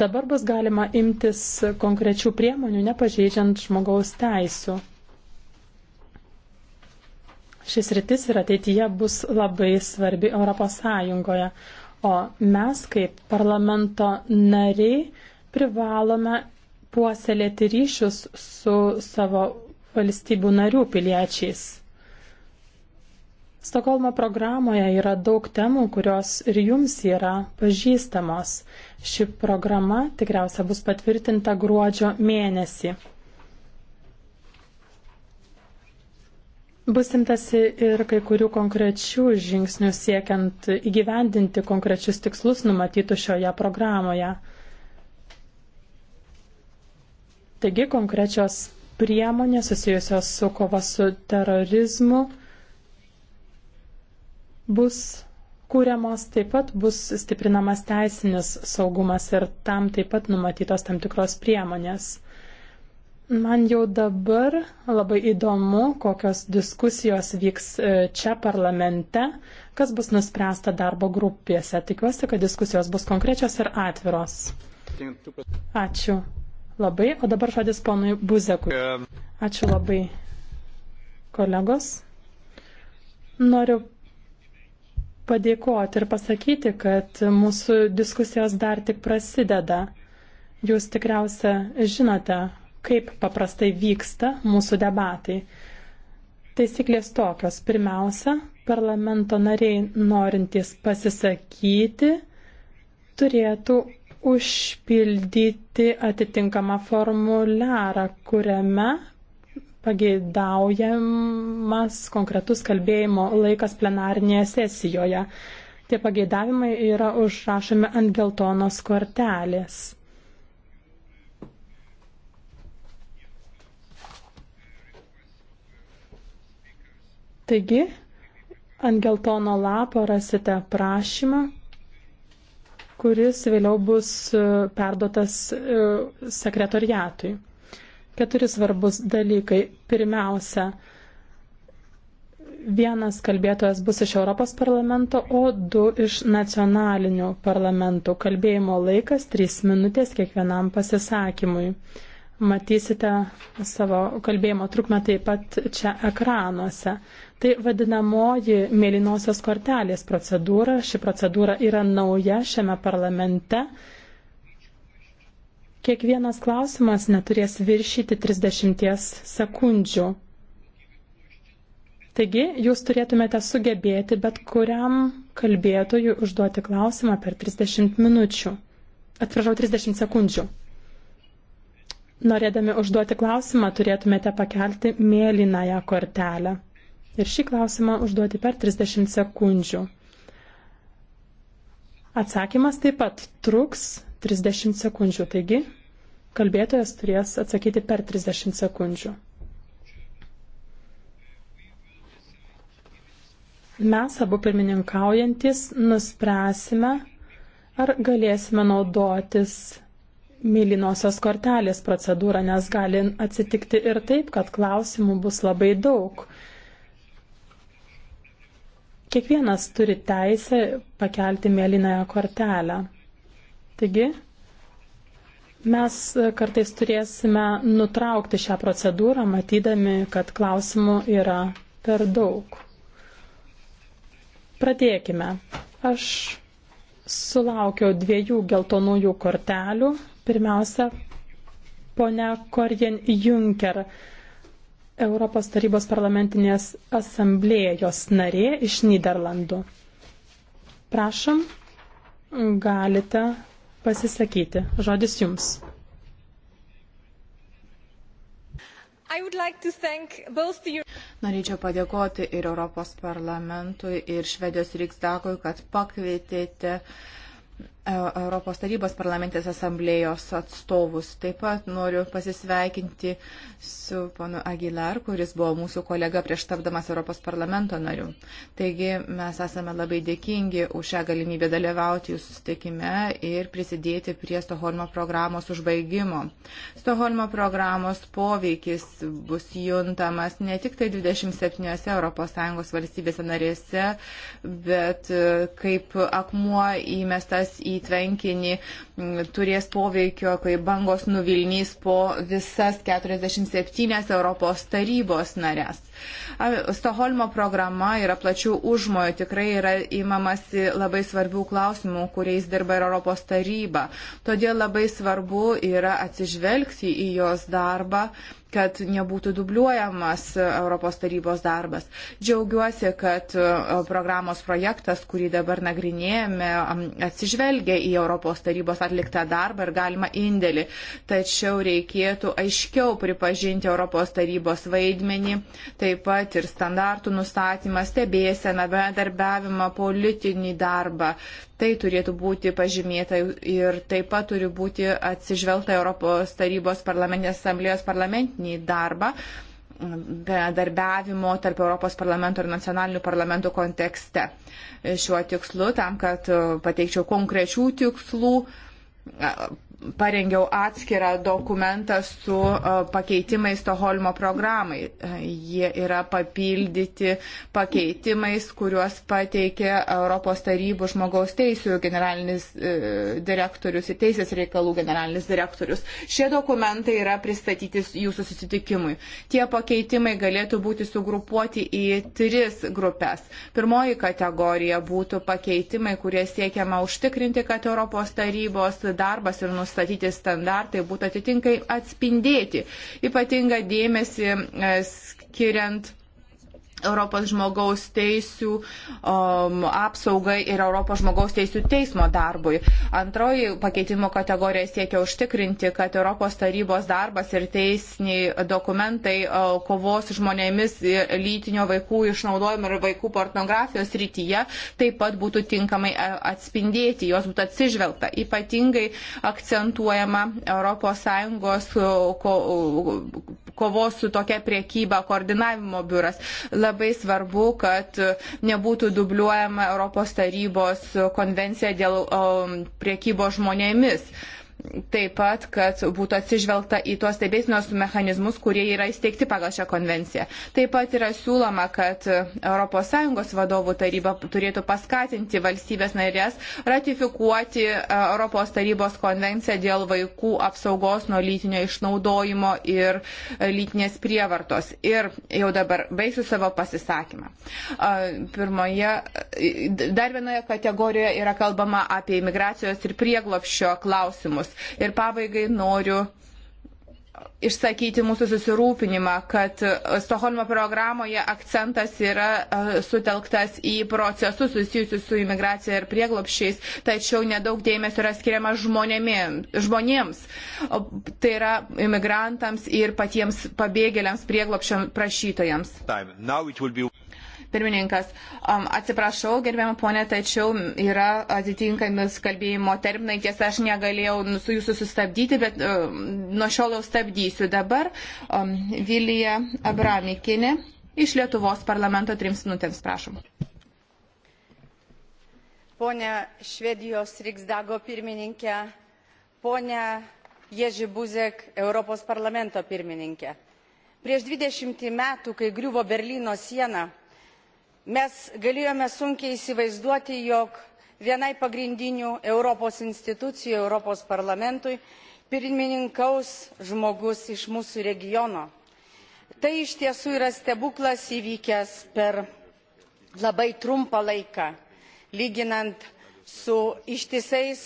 Dabar bus galima imtis konkrečių priemonių, nepažeidžiant žmogaus teisų. Šis rytis ir ateityje bus labai svarbi Europos Sąjungoje, o mes kaip parlamento nariai privalome puoselėti ryšius su savo valstybių narių piliečiais. Stokholmo programoje yra daug temų, kurios ir jums yra pažįstamos. Ši programa tikriausia bus patvirtinta gruodžio mėnesį. Bus imtasi ir kai kurių konkrečių žingsnių siekiant įgyvendinti konkrečius tikslus numatytų šioje programoje. Taigi konkrečios priemonės susijusios su kova su terorizmu bus kūriamos, taip pat bus stiprinamas teisinis saugumas ir tam taip pat numatytos tam tikros priemonės. Man jau dabar labai įdomu, kokios diskusijos vyks e, čia parlamente, kas bus nuspręsta darbo grupėse. Tikiuosi, kad diskusijos bus konkrečios ir atviros. Ačiū labai, o dabar žodis ponui Buzekui. E. Ačiū labai, kolegos. Noriu padėkoti ir pasakyti, kad mūsų diskusijos dar tik prasideda. Jūs tikriausia žinote, kaip paprastai vyksta mūsų debatai. Taisyklės tokios. Pirmiausia, parlamento nariai norintys pasisakyti turėtų užpildyti atitinkamą formuliarą, kuriame pageidaujamas konkretus kalbėjimo laikas plenarnėje sesijoje. Tie pageidavimai yra užrašomi ant geltonos kortelės. Taigi, ant geltono lapo rasite prašymą, kuris vėliau bus perduotas e, sekretoriatui keturi svarbus dalykai. Pirmiausia, vienas kalbėtojas bus iš Europos parlamento, o du iš nacionalinių parlamentų. Kalbėjimo laikas trys minutės kiekvienam pasisakymui. Matysite savo kalbėjimo trukmę taip pat čia ekranuose. Tai vadinamoji mėlynosios kortelės procedūra. Ši procedūra yra nauja šiame parlamente. Kiekvienas klausimas neturės viršyti 30 sekundžių. Taigi, jūs turėtumėte sugebėti bet kuriam kalbėtojui užduoti klausimą per 30 minučių. Atsiprašau, 30 sekundžių. Norėdami užduoti klausimą, turėtumėte pakelti mėlynąją kortelę. Ir šį klausimą užduoti per 30 sekundžių. Atsakymas taip pat truks 30 sekundžių, taigi kalbėtojas turės atsakyti per 30 sekundžių. Mes abu pirmininkaujantis nuspręsime, ar galėsime naudotis mylinosios kortelės procedūrą, nes gali atsitikti ir taip, kad klausimų bus labai daug. Kiekvienas turi teisę pakelti mėlynąją kortelę. Taigi, mes kartais turėsime nutraukti šią procedūrą, matydami, kad klausimų yra per daug. Pradėkime. Aš sulaukiau dviejų geltonųjų kortelių. Pirmiausia, ponia Korjen Junker, Europos tarybos parlamentinės asamblėjos narė iš Niderlandų. Prašom, galite pasisakyti. Žodis jums. Like the... Norėčiau padėkoti ir Europos parlamentui, ir Švedijos Riksdagui, kad pakvietėte E, Europos tarybos parlamentės asamblėjos atstovus. Taip pat noriu pasisveikinti su ponu Aguilar, kuris buvo mūsų kolega prieš tapdamas Europos parlamento nariu. Taigi mes esame labai dėkingi už šią galimybę dalyvauti jūsų sustikime ir prisidėti prie Stoholmo programos užbaigimo. Stoholmo programos poveikis bus juntamas ne tik tai 27 ES valstybėse narėse, bet e, kaip akmuo įmestas į į tvenkinį turės poveikio, kai bangos nuvilnys po visas 47 Europos tarybos narės. Stoholmo programa yra plačių užmojų, tikrai yra įmamasi labai svarbių klausimų, kuriais dirba ir Europos taryba. Todėl labai svarbu yra atsižvelgti į jos darbą kad nebūtų dubliuojamas Europos tarybos darbas. Džiaugiuosi, kad e, programos projektas, kurį dabar nagrinėjame, atsižvelgia į Europos tarybos atliktą darbą ir galima indėlį. Tačiau reikėtų aiškiau pripažinti Europos tarybos vaidmenį, taip pat ir standartų nustatymą, stebėseną, bendarbiavimą, politinį darbą. Tai turėtų būti pažymėta ir taip pat turi būti atsižvelgta Europos tarybos parlamentinės asamblėjos parlamentinį darbą bendarbiavimo tarp Europos parlamento ir nacionalinių parlamentų kontekste. Šiuo tikslu, tam, kad pateikčiau konkrečių tikslų, parengiau atskirą dokumentą su e, pakeitimais Stoholmo programai. Jie yra papildyti pakeitimais, kuriuos pateikė Europos tarybų žmogaus teisų generalinis e, direktorius ir teisės reikalų generalinis direktorius. Šie dokumentai yra pristatyti jūsų susitikimui. Tie pakeitimai galėtų būti sugrupuoti į tris grupės. Pirmoji kategorija būtų pakeitimai, kurie siekiama užtikrinti, kad Europos tarybos darbas ir nusikaltimas nustatyti standartai būtų atitinkai atspindėti. Ypatinga dėmesį e, skiriant Europos žmogaus teisų um, apsaugai ir Europos žmogaus teisų teismo darbui. Antroji pakeitimo kategorija siekia užtikrinti, kad Europos tarybos darbas ir teisiniai dokumentai uh, kovos žmonėmis e, lytinio vaikų išnaudojimo ir vaikų pornografijos rytyje taip pat būtų tinkamai e, atspindėti, jos būtų atsižvelgta. Ypatingai akcentuojama ES uh, ko, kovos su tokia priekyba koordinavimo biuras. Labai svarbu, kad nebūtų dubliuojama Europos tarybos konvencija dėl um, priekybos žmonėmis taip pat, kad būtų atsižvelgta į tuos stebėsinos mechanizmus, kurie yra įsteigti pagal šią konvenciją. Taip pat yra siūloma, kad ES vadovų taryba turėtų paskatinti valstybės narės ratifikuoti ES tarybos konvenciją dėl vaikų apsaugos nuo lytinio išnaudojimo ir e, lytinės prievartos. Ir jau dabar baigsiu savo pasisakymą. E, pirmoje, e, dar vienoje kategorijoje yra kalbama apie imigracijos ir prieglopščio klausimus Ir pabaigai noriu išsakyti mūsų susirūpinimą, kad e, Stoholmo programoje akcentas yra e, sutelktas į procesus susijusius su imigracija ir prieglopšiais, tačiau nedaug dėmesio yra skiriama žmonėms. Tai yra imigrantams ir patiems pabėgėliams prieglopšiam prašytojams. Be... Pirmininkas, um, atsiprašau, gerbiamą ponę, tačiau yra atitinkamis kalbėjimo terminai. Tiesa, aš negalėjau su jūsų sustabdyti, bet um, nuo šiol jau stabdysiu. Dabar um, Vilija Abramikinė iš Lietuvos parlamento trims minutėms, prašom. Pone Švedijos Riksdago pirmininkė, pone Ježi Buzek, Europos parlamento pirmininkė. Prieš 20 metų, kai griuvo Berlyno siena, mes galėjome sunkiai įsivaizduoti jog vienai pagrindinių europos institucijų europos parlamentui pirmininkaus žmogus iš mūsų regiono. tai iš tiesų yra stebuklas įvykęs per labai trumpą laiką lyginant su ištisais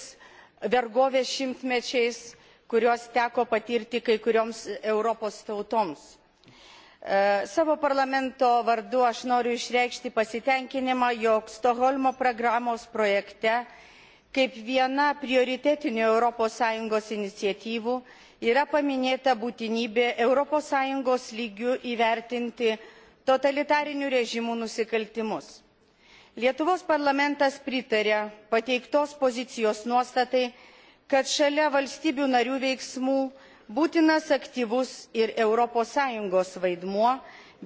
vergovės šimtmečiais kuriuos teko patirti kai kurioms europos tautoms. E, savo parlamento vardu aš noriu išreikšti pasitenkinimą jog stokholmo programos projekte kaip viena prioritetinių europos sąjungos iniciatyvų yra paminėta būtinybė europos sąjungos lygiu įvertinti totalitarinių režimų nusikaltimus. lietuvos parlamentas pritarė pateiktos pozicijos nuostatai kad šalia valstybių narių veiksmų būtinas aktyvus ir europos sąjungos vaidmuo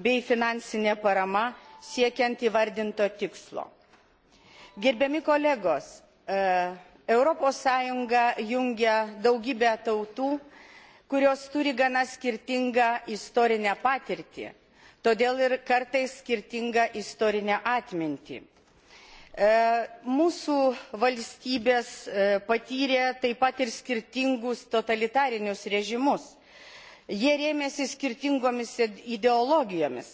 bei finansinė parama siekiant įvardinto tikslo. gerbiami kolegos e, europos sąjunga jungia daugybę tautų kurios turi gana skirtingą istorinę patirtį todėl ir kartais skirtingą istorinę atmintį. E, mūsų valstybės e, patyrė taip pat ir skirtingus totalitarinius režimus jie rėmėsi skirtingomis ideologijomis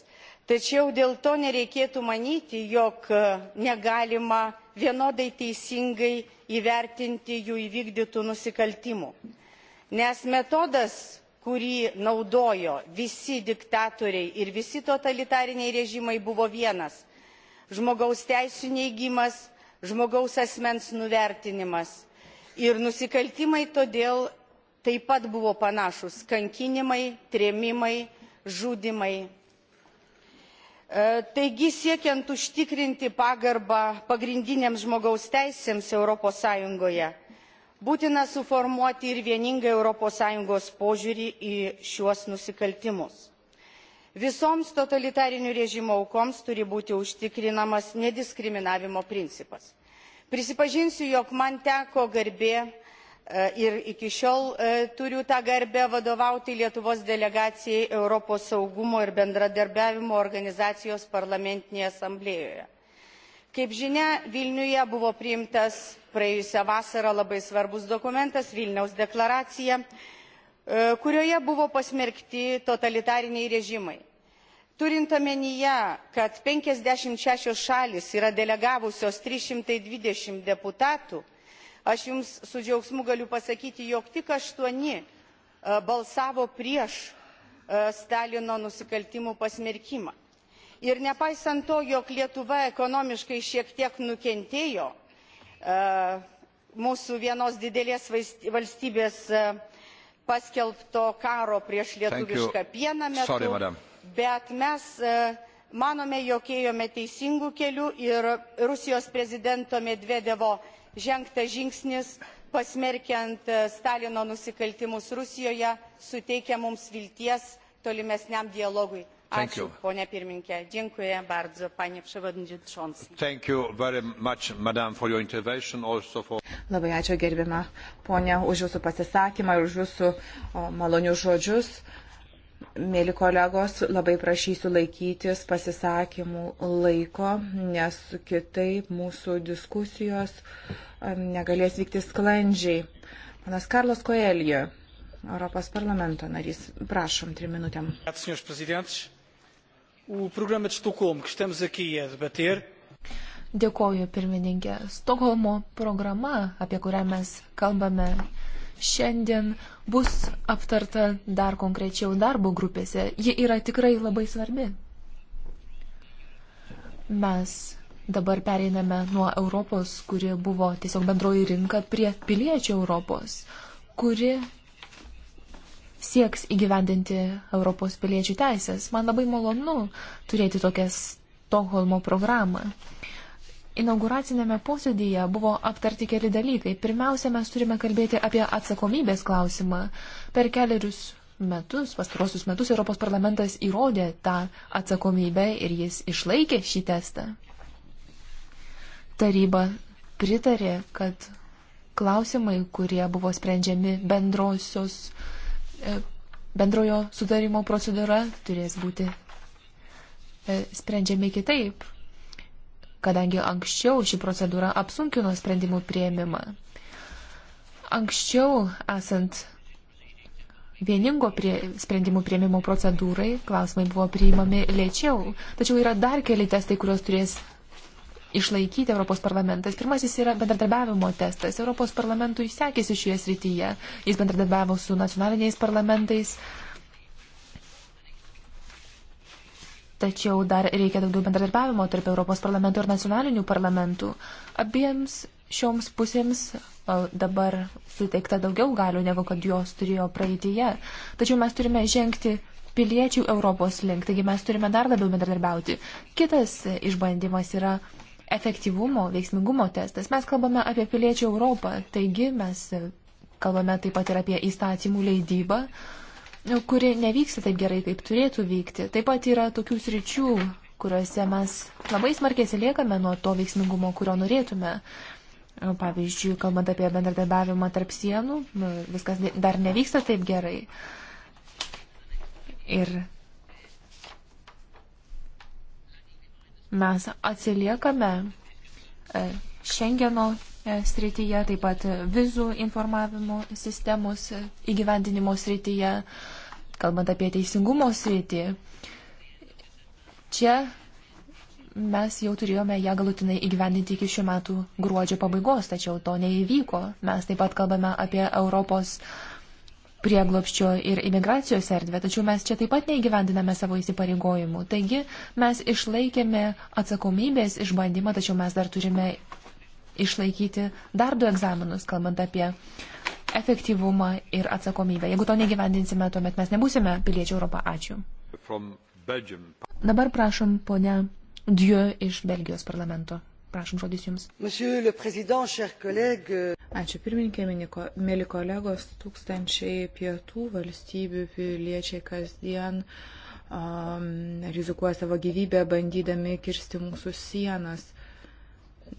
tačiau dėl to nereikėtų manyti jog e, negalima vienodai teisingai įvertinti jų įvykdytų nusikaltimų nes metodas kurį naudojo visi diktatoriai ir visi totalitariniai režimai buvo vienas žmogaus teisų neigimas, žmogaus asmens nuvertinimas. Ir nusikaltimai todėl taip pat buvo panašus - kankinimai, trėmimai, žudimai. E, taigi siekiant užtikrinti pagarbą pagrindinėms žmogaus teisėms Europos Sąjungoje, būtina suformuoti ir vieningą Europos Sąjungos požiūrį į šiuos nusikaltimus visoms totalitarinių režimų aukoms turi būti užtikrinamas nediskriminavimo principas. prisipažinsiu jog man teko garbė e, ir iki šiol e, turiu tą garbę vadovauti lietuvos delegacijai europos saugumo ir bendradarbiavimo organizacijos parlamentinėje asamblėjoje. kaip žinia vilniuje buvo priimtas praėjusią vasarą labai svarbus dokumentas vilniaus deklaracija E, kurioje buvo pasmerkti totalitariniai režimai. Turint omenyje, kad 56 šalis yra delegavusios 320 deputatų, aš jums su džiaugsmu galiu pasakyti, jog tik aštuoni e, balsavo prieš e, Stalino nusikaltimų pasmerkimą. Ir nepaisant to, jog Lietuva ekonomiškai šiek tiek nukentėjo mūsų vienos didelės valstybės paskelbto karo prieš lietuvišką pieną metu, Sorry, bet mes e, manome, jog ėjome teisingų kelių ir Rusijos prezidento Medvedevo žengtas žingsnis pasmerkiant e, Stalino nusikaltimus Rusijoje suteikia mums vilties tolimesniam dialogui. Ačiū, ponia pirminkė. Dziękuję bardzo, panie przewodniczący. Thank you very much, madam, for your intervention, also for... Labai ačiū, gerbima ponia, už jūsų pasisakymą ir už jūsų malonius žodžius. Mėly kolegos, labai prašysiu laikytis pasisakymų laiko, nes kitaip mūsų diskusijos negalės vykti sklandžiai. Panas Karlos Koelija, Europos parlamento narys, prašom trim minutėm. Ačiū, O programa de Estocolmo que estamos aqui a debater. Dėkoju, pirmininkė. Stokholmo programa, apie kurią mes kalbame šiandien, bus aptarta dar konkrečiau darbo grupėse. Ji yra tikrai labai svarbi. Mes dabar pereiname nuo Europos, kuri buvo tiesiog bendroji rinka, prie piliečių Europos, kuri sieks įgyvendinti Europos piliečių teisės. Man labai malonu turėti tokią Stokholmo programą. Inauguracinėme posėdėje buvo aptarti keli dalykai. Pirmiausia, mes turime kalbėti apie atsakomybės klausimą. Per keliarius metus, pastarosius metus Europos parlamentas įrodė tą atsakomybę ir jis išlaikė šį testą. Taryba pritarė, kad klausimai, kurie buvo sprendžiami bendrosios uh, E, bendrojo sudarimo procedūra turės būti e, sprendžiami kitaip, kadangi anksčiau ši procedūra apsunkino sprendimų prieimimą. Anksčiau, esant vieningo prie, sprendimų prieimimo procedūrai, klausimai buvo priimami lėčiau, tačiau yra dar keli testai, kuriuos turės išlaikyti Europos parlamentas. Pirmasis yra bendradarbiavimo testas. Europos parlamentui sekėsi šioje srityje. Jis bendradarbiavo su nacionaliniais parlamentais. Tačiau dar reikia daugiau bendradarbiavimo tarp Europos parlamento ir nacionalinių parlamentų. Abiems šioms pusėms dabar suteikta daugiau galių, negu kad jos turėjo praeitįje. Tačiau mes turime žengti piliečių Europos link, taigi mes turime dar labiau bendradarbiauti. Kitas išbandymas yra efektyvumo, veiksmingumo testas. Mes kalbame apie piliečių Europą, taigi mes kalbame taip pat ir apie įstatymų leidybą, kuri nevyksta taip gerai, kaip turėtų vykti. Taip pat yra tokių sričių, kuriuose mes labai smarkiai atsiliekame nuo to veiksmingumo, kurio norėtume. Pavyzdžiui, kalbant apie bendradarbiavimą tarp sienų, viskas dar nevyksta taip gerai. Ir Mes atsiliekame e, Šengeno e, srityje, taip pat vizų informavimo sistemos e, įgyvendinimo srityje, kalbant apie teisingumo sritį. Čia mes jau turėjome ją galutinai įgyvendinti iki šių metų gruodžio pabaigos, tačiau to neįvyko. Mes taip pat kalbame apie Europos prieglopščio ir imigracijos erdvę, tačiau mes čia taip pat neįgyvendiname savo įsipareigojimų. Taigi mes išlaikėme atsakomybės išbandymą, tačiau mes dar turime išlaikyti dar du egzaminus, kalbant apie efektyvumą ir atsakomybę. Jeigu to negyvendinsime, tuomet mes nebūsime piliečiai Europą. Ačiū. Dabar prašom ponia Dieu iš Belgijos parlamento. Prašom žodis Jums. Ačiū pirmininkė, mėly kolegos, tūkstančiai pietų valstybių piliečiai kasdien um, rizikuoja savo gyvybę, bandydami kirsti mūsų sienas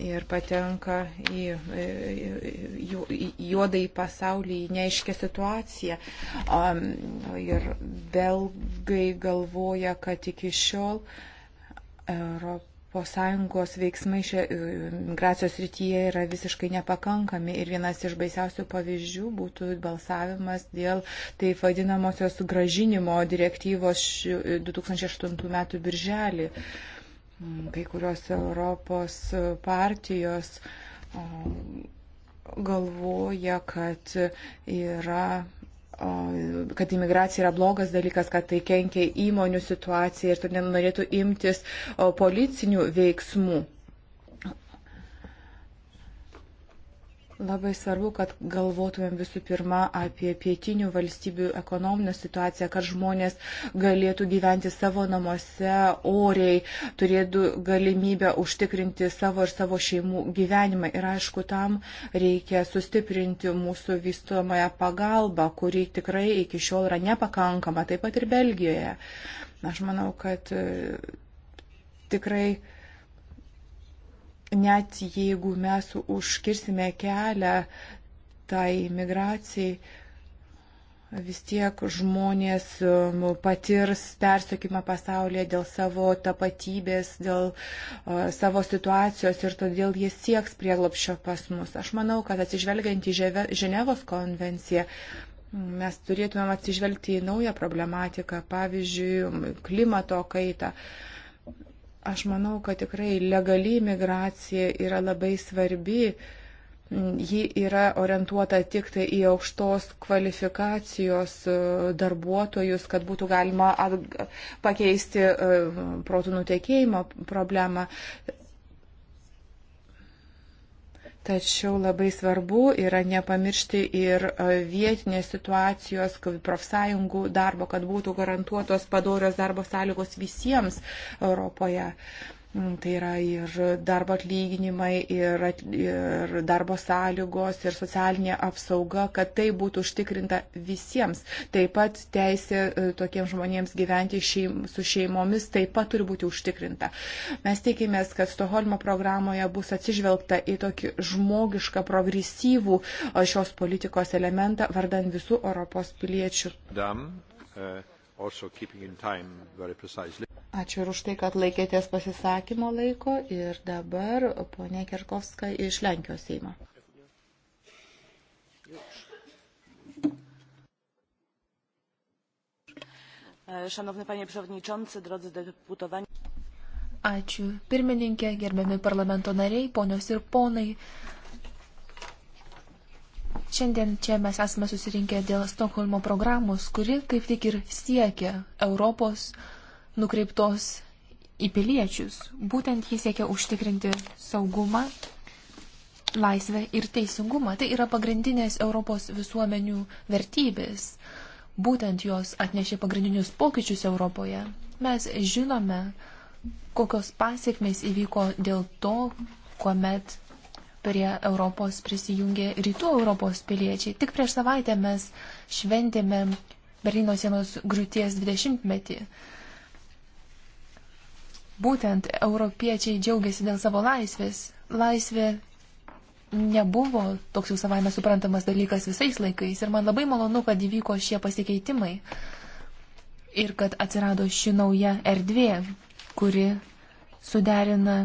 ir patenka į, į, į, į juodąjį pasaulį, į neaiškę situaciją. Um, ir belgai galvoja, kad iki šiol Europos ES veiksmai šia, e, migracijos rytyje yra visiškai nepakankami ir vienas iš baisiausių pavyzdžių būtų balsavimas dėl taip vadinamosios sugražinimo direktyvos 2008 e, metų birželį. Mm, kai kurios Europos partijos mm, galvoja, kad yra kad imigracija yra blogas dalykas, kad tai kenkia įmonių situacijai ir todėl norėtų imtis policinių veiksmų. Labai svarbu, kad galvotumėm visų pirma apie pietinių valstybių ekonominę situaciją, kad žmonės galėtų gyventi savo namuose oriai, turėtų galimybę užtikrinti savo ir savo šeimų gyvenimą. Ir aišku, tam reikia sustiprinti mūsų vystomąją pagalbą, kuri tikrai iki šiol yra nepakankama, taip pat ir Belgijoje. Aš manau, kad e, tikrai net jeigu mes užkirsime kelią tai migracijai, vis tiek žmonės patirs persiekimą pasaulyje dėl savo tapatybės, dėl savo situacijos ir todėl jie sieks prieglopščio pas mus. Aš manau, kad atsižvelgiant į Ženevos konvenciją, mes turėtumėm atsižvelgti į naują problematiką, pavyzdžiui, klimato kaitą. Aš manau, kad tikrai legaliai migracija yra labai svarbi. Ji yra orientuota tik tai į aukštos kvalifikacijos e, darbuotojus, kad būtų galima pakeisti e, protų nutekėjimo problemą. Tačiau labai svarbu yra nepamiršti ir e, vietinės situacijos, profsąjungų darbo, kad būtų garantuotos padorios darbo sąlygos visiems Europoje. Mm, tai yra ir darbo atlyginimai, ir, ir darbo sąlygos, ir socialinė apsauga, kad tai būtų užtikrinta visiems. Taip pat teisė e, tokiems žmonėms gyventi šeim, su šeimomis taip pat turi būti užtikrinta. Mes tikimės, kad Stoholmo programoje bus atsižvelgta į tokį žmogišką, progresyvų e, šios politikos elementą vardan visų Europos piliečių. Dam, uh, Ačiū ir už tai, kad laikėtės pasisakymo laiko. Ir dabar ponė Kerkovska iš Lenkijos Seimo. Šanovni panie Przewodniczący, drodzy deputowani. Ačiū. Pirmininkė, gerbiami parlamento nariai, ponios ir ponai. Šiandien čia mes esame susirinkę dėl Stokholmo programos, kuri kaip tik ir siekia Europos nukreiptos į piliečius. Būtent jis siekia užtikrinti saugumą, laisvę ir teisingumą. Tai yra pagrindinės Europos visuomenių vertybės. Būtent jos atnešė pagrindinius pokyčius Europoje. Mes žinome, kokios pasiekmes įvyko dėl to, kuomet prie Europos prisijungė rytų Europos piliečiai. Tik prieš savaitę mes šventėme Berlyno sienos griūties 20-metį. Būtent europiečiai džiaugiasi dėl savo laisvės. Laisvė nebuvo toks jau savaime suprantamas dalykas visais laikais ir man labai malonu, kad įvyko šie pasikeitimai ir kad atsirado ši nauja erdvė, kuri suderina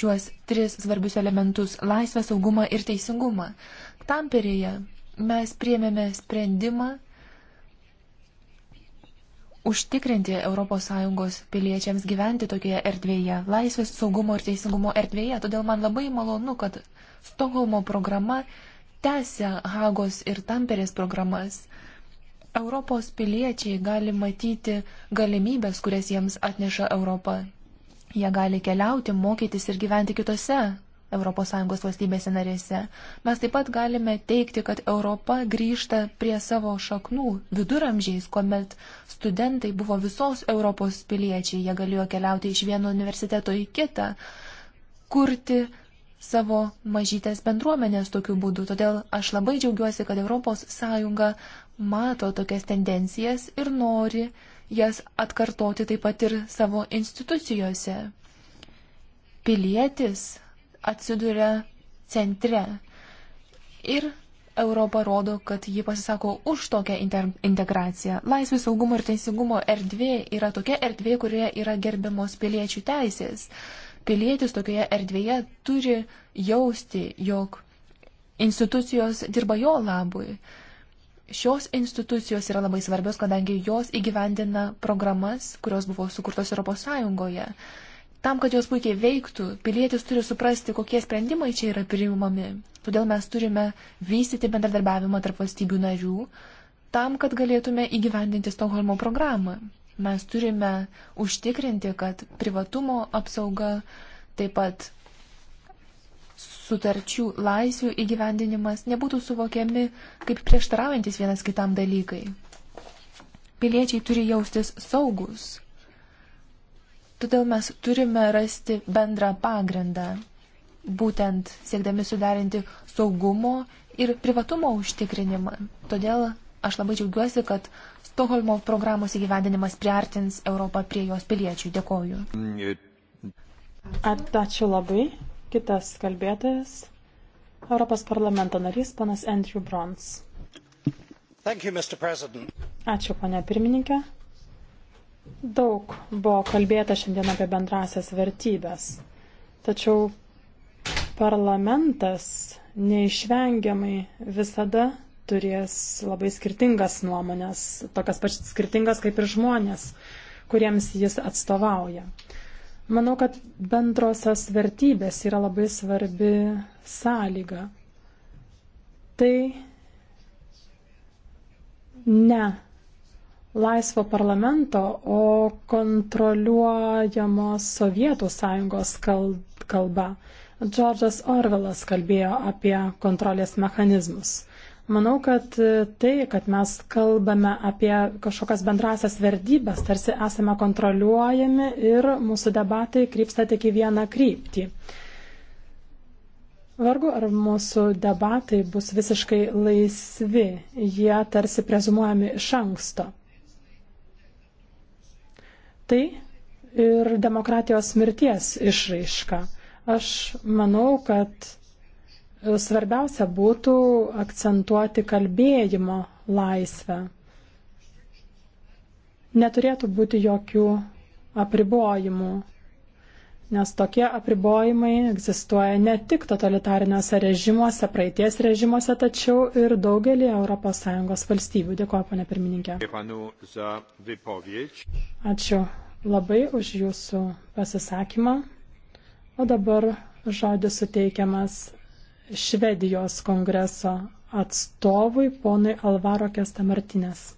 šiuos tris svarbius elementus - laisvę, saugumą ir teisingumą. Tamperėje mes priemėme sprendimą užtikrinti ES piliečiams gyventi tokioje erdvėje, laisvės, saugumo ir teisingumo erdvėje. Todėl man labai malonu, kad Stokholmo programa tęsia Hagos ir Tamperės programas. Europos piliečiai gali matyti galimybės, kurias jiems atneša Europa. Jie gali keliauti, mokytis ir gyventi kitose ES valstybėse narėse. Mes taip pat galime teikti, kad Europa grįžta prie savo šaknų viduramžiais, kuomet studentai buvo visos Europos piliečiai, jie galėjo keliauti iš vieno universiteto į kitą, kurti savo mažytės bendruomenės tokiu būdu. Todėl aš labai džiaugiuosi, kad ES mato tokias tendencijas ir nori jas atkartoti taip pat ir savo institucijose. Pilietis atsiduria centre. Ir Europa rodo, kad ji pasisako už tokią integraciją. Laisvės saugumo ir teisingumo erdvė yra tokia erdvė, kurioje yra gerbiamos piliečių teisės. Pilietis tokioje erdvėje turi jausti, jog institucijos dirba jo labui. Šios institucijos yra labai svarbios, kadangi jos įgyvendina programas, kurios buvo sukurtos ES. Tam, kad jos puikiai veiktų, pilietis turi suprasti, kokie sprendimai čia yra priimami. Todėl mes turime vystyti bendradarbiavimą tarp valstybių narių, tam, kad galėtume įgyvendinti Stokholmo programą. Mes turime užtikrinti, kad privatumo apsauga, taip pat sutarčių laisvių įgyvendinimas nebūtų suvokiami kaip prieštaraujantis vienas kitam dalykai. Piliečiai turi jaustis saugus. Todėl mes turime rasti bendrą pagrindą, būtent siekdami suderinti saugumo ir privatumo užtikrinimą. Todėl aš labai džiaugiuosi, kad Stokholmo programos įgyvendinimas priartins Europą prie jos piliečių. Dėkoju. Ačiū labai. Kitas kalbėtojas. Europos parlamento narys panas Andrew Brons. You, Ačiū, ponia pirmininkė. Daug buvo kalbėta šiandien apie bendrasias vertybės, tačiau parlamentas neišvengiamai visada turės labai skirtingas nuomonės, tokias pačias skirtingas kaip ir žmonės, kuriems jis atstovauja. Manau, kad bendrosios vertybės yra labai svarbi sąlyga. Tai ne laisvo parlamento, o kontroliuojamos Sovietų sąjungos kalba. Džordžas Orvelas kalbėjo apie kontrolės mechanizmus. Manau, kad tai, kad mes kalbame apie kažkokias bendrasias verdybės, tarsi esame kontroliuojami ir mūsų debatai krypsta tik į vieną kryptį. Vargu ar mūsų debatai bus visiškai laisvi, jie tarsi prezumuojami iš anksto. Tai ir demokratijos mirties išraiška. Aš manau, kad svarbiausia būtų akcentuoti kalbėjimo laisvę. Neturėtų būti jokių apribojimų. Nes tokie apribojimai egzistuoja ne tik totalitariniuose režimuose, praeities režimuose, tačiau ir daugelį ES valstybių. Dėkuoju, ponė pirmininkė. Ačiū labai už jūsų pasisakymą. O dabar žodis suteikiamas Švedijos kongreso atstovui, ponui Alvaro Kestamartinės.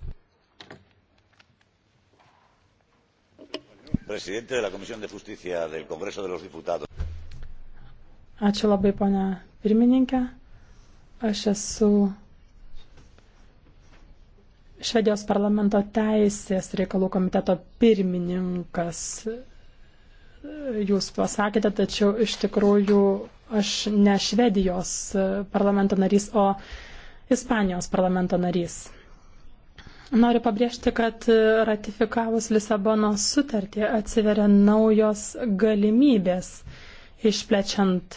presidente de la Comisión de Justicia del Congreso de los Diputados. Ačiū labai, ponia pirmininkė. Aš esu Švedijos parlamento teisės reikalų komiteto pirmininkas. Jūs pasakėte, tačiau iš tikrųjų aš ne Švedijos parlamento narys, o Ispanijos parlamento narys. Noriu pabrėžti, kad ratifikavus Lisabonos sutartį atsiveria naujos galimybės išplečiant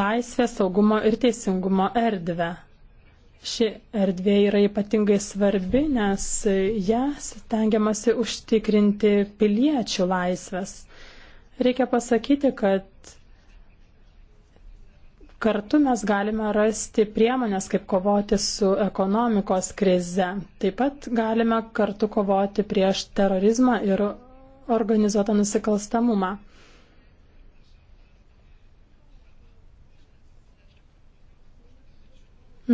laisvę, saugumo ir teisingumo erdvę. Ši erdvė yra ypatingai svarbi, nes ją stengiamasi užtikrinti piliečių laisvės. Reikia pasakyti, kad Kartu mes galime rasti priemonės, kaip kovoti su ekonomikos krize. Taip pat galime kartu kovoti prieš terorizmą ir organizuotą nusikalstamumą.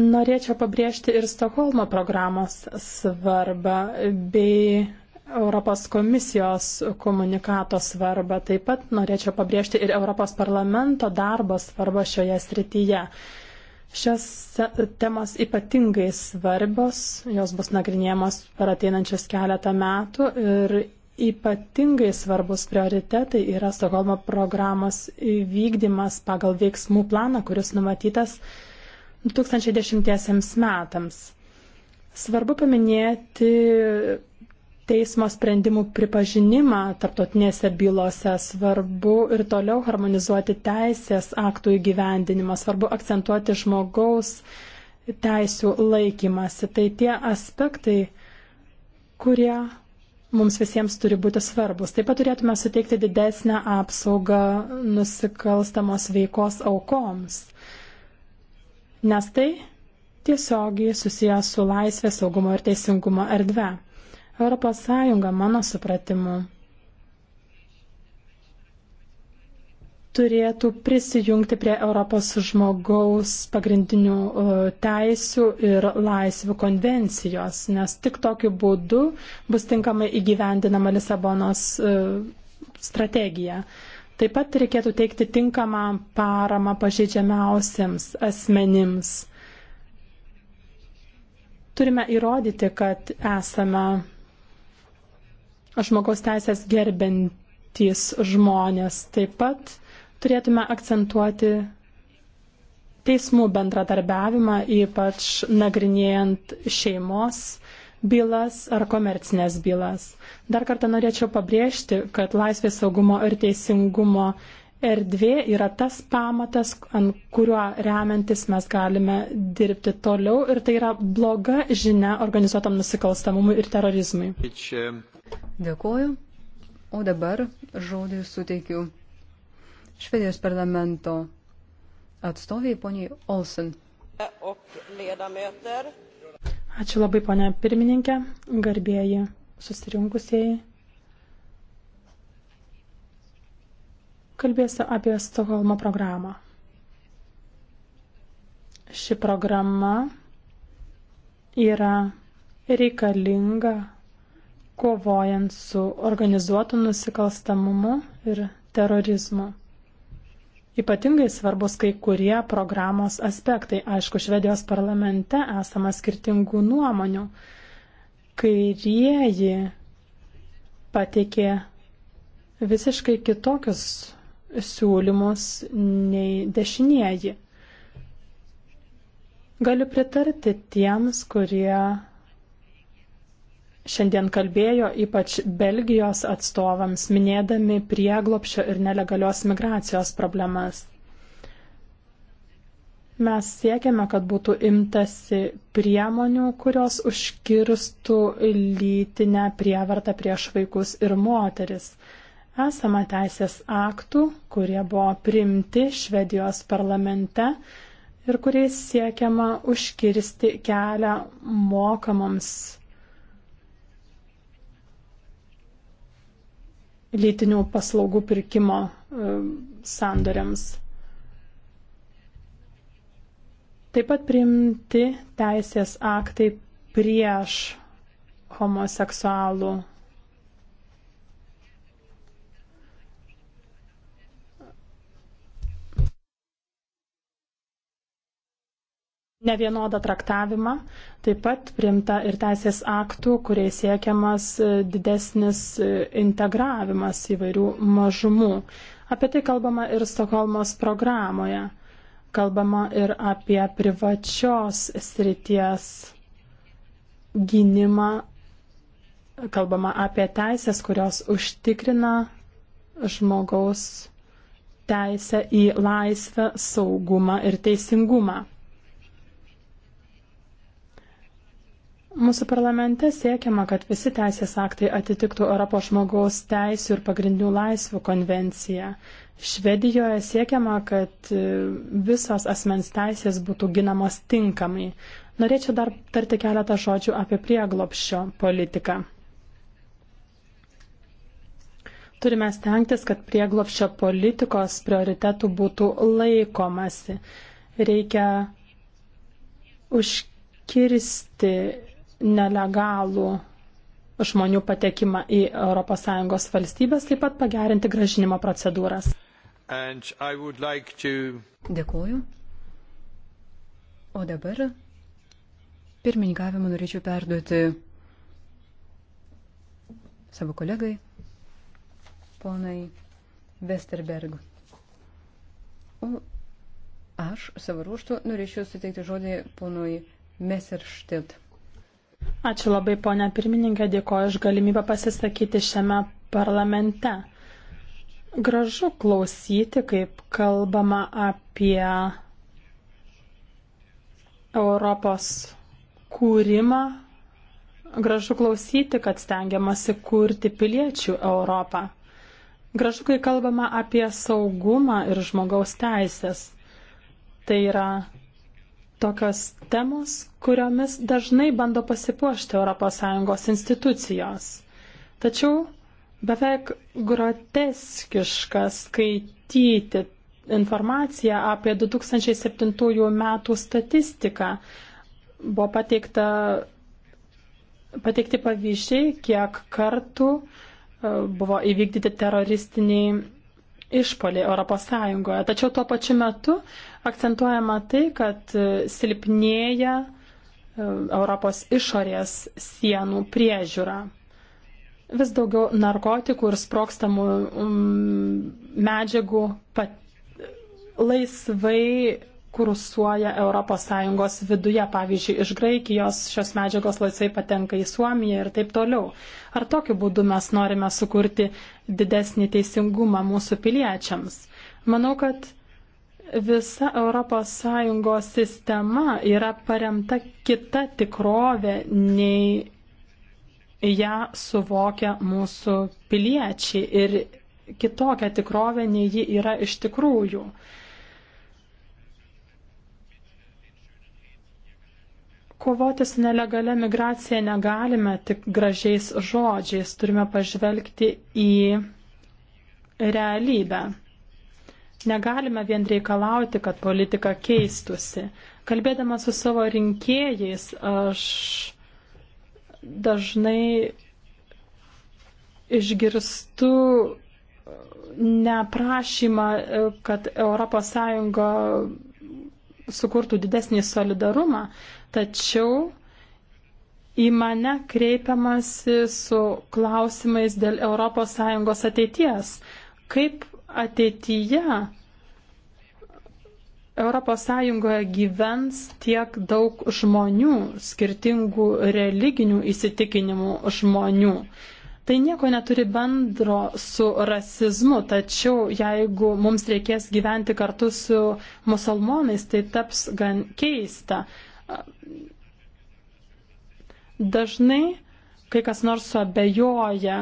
Norėčiau pabrėžti ir Stokholmo programos svarbą bei Europos komisijos komunikato svarbą. Taip pat norėčiau pabrėžti ir Europos parlamento darbo svarbą šioje srityje. Šios temos ypatingai svarbios, jos bus nagrinėjamos per ateinančias keletą metų ir ypatingai svarbus prioritetai yra Stokholmo programos vykdymas pagal veiksmų planą, kuris numatytas 2010 metams. Svarbu paminėti teismo sprendimų pripažinimą tarptautinėse bylose, svarbu ir toliau harmonizuoti teisės aktų įgyvendinimą, svarbu akcentuoti žmogaus teisų laikymasi. Tai tie aspektai, kurie mums visiems turi būti svarbus. Taip pat turėtume suteikti didesnę apsaugą nusikalstamos veikos aukoms, nes tai tiesiogiai susijęs su laisvė, saugumo ir teisingumo erdve. Europos Sąjunga, mano supratimu, turėtų prisijungti prie Europos žmogaus pagrindinių e, teisių ir laisvių konvencijos, nes tik tokiu būdu bus tinkamai įgyvendinama Lisabonos e, strategija. Taip pat reikėtų teikti tinkamą paramą pažeidžiamiausiams asmenims. Turime įrodyti, kad esame žmogaus teisės gerbentys žmonės. Taip pat turėtume akcentuoti teismų bendradarbiavimą, ypač nagrinėjant šeimos bylas ar komercinės bylas. Dar kartą norėčiau pabrėžti, kad laisvės saugumo ir teisingumo erdvė yra tas pamatas, ant kuriuo remiantis mes galime dirbti toliau ir tai yra bloga žinia organizuotam nusikalstamumui ir terorizmui. Ačiū. Dėkuoju. O dabar žodį suteikiu Švedijos parlamento atstoviai poniai Olsen. Ačiū labai, ponia pirmininkė, garbėjai susirinkusieji. Kalbėsiu apie Stokholmo programą. Ši programa yra reikalinga kovojant su organizuotu nusikalstamumu ir terorizmu. Ypatingai svarbus kai kurie programos aspektai. Aišku, Švedijos parlamente esama skirtingų nuomonių. Kairieji pateikė visiškai kitokius siūlymus nei dešinieji. Galiu pritarti tiems, kurie šiandien kalbėjo ypač Belgijos atstovams, minėdami prieglopšio ir nelegalios migracijos problemas. Mes siekiame, kad būtų imtasi priemonių, kurios užkirstų lytinę prievartą prieš vaikus ir moteris. Esama teisės aktų, kurie buvo primti Švedijos parlamente ir kuriais siekiama užkirsti kelią mokamoms lytinių paslaugų pirkimo e, sandoriams. Taip pat priimti teisės aktai prieš homoseksualų nevienodą traktavimą, taip pat primta ir teisės aktų, kuriais siekiamas e, didesnis e, integravimas įvairių mažumų. Apie tai kalbama ir Stokholmos programoje. Kalbama ir apie privačios srities gynimą. Kalbama apie teisės, kurios užtikrina žmogaus teisę į laisvę, saugumą ir teisingumą. Mūsų parlamente siekiama, kad visi teisės aktai atitiktų Europos žmogaus teisų ir pagrindinių laisvių konvenciją. Švedijoje siekiama, kad e, visos asmens teisės būtų ginamos tinkamai. Norėčiau dar tarti keletą žodžių apie prieglopščio politiką. Turime stengtis, kad prieglopščio politikos prioritetų būtų laikomasi. Reikia užkirsti nelegalų žmonių patekimą į ES valstybės, taip pat pagerinti gražinimo procedūras. Like to... Dėkuoju. O dabar pirmininkavimą norėčiau perduoti savo kolegai, ponai Westerberg. O aš savo ruoštų norėčiau suteikti žodį ponui Messerschmidt. Ačiū labai, ponia pirmininkė, dėkoju už galimybę pasisakyti šiame parlamente. Gražu klausyti, kaip kalbama apie Europos kūrimą. Gražu klausyti, kad stengiamasi kurti piliečių Europą. Gražu, kai kalbama apie saugumą ir žmogaus teisės. Tai yra tokios temos, kuriomis dažnai bando pasipuošti ES institucijos. Tačiau beveik groteskiška skaityti informaciją apie 2007 metų statistiką. Buvo pateikta, pateikti pavyzdžiai, kiek kartų e, buvo įvykdyti teroristiniai išpoliai Europos Sąjungoje. Tačiau tuo pačiu metu Akcentuojama tai, kad e, silpnėja e, Europos išorės sienų priežiūra. Vis daugiau narkotikų ir sprokstamų mm, medžiagų pat, laisvai kursuoja ES viduje. Pavyzdžiui, iš Graikijos šios medžiagos laisvai patenka į Suomiją ir taip toliau. Ar tokiu būdu mes norime sukurti didesnį teisingumą mūsų piliečiams? Manau, kad visa ES sistema yra paremta kita tikrovė nei ją suvokia mūsų piliečiai ir kitokia tikrovė nei ji yra iš tikrųjų. Kovoti su nelegalia migracija negalime tik gražiais žodžiais, turime pažvelgti į realybę. Negalime vien reikalauti, kad politika keistusi. Kalbėdama su savo rinkėjais, aš dažnai išgirstu neprašymą, kad ES sukurtų didesnį solidarumą, tačiau į mane kreipiamasi su klausimais dėl ES ateities. Kaip ateityje Europos Sąjungoje gyvens tiek daug žmonių, skirtingų religinių įsitikinimų žmonių. Tai nieko neturi bendro su rasizmu, tačiau jeigu mums reikės gyventi kartu su musulmonais, tai taps gan keista. Dažnai, kai kas nors abejoja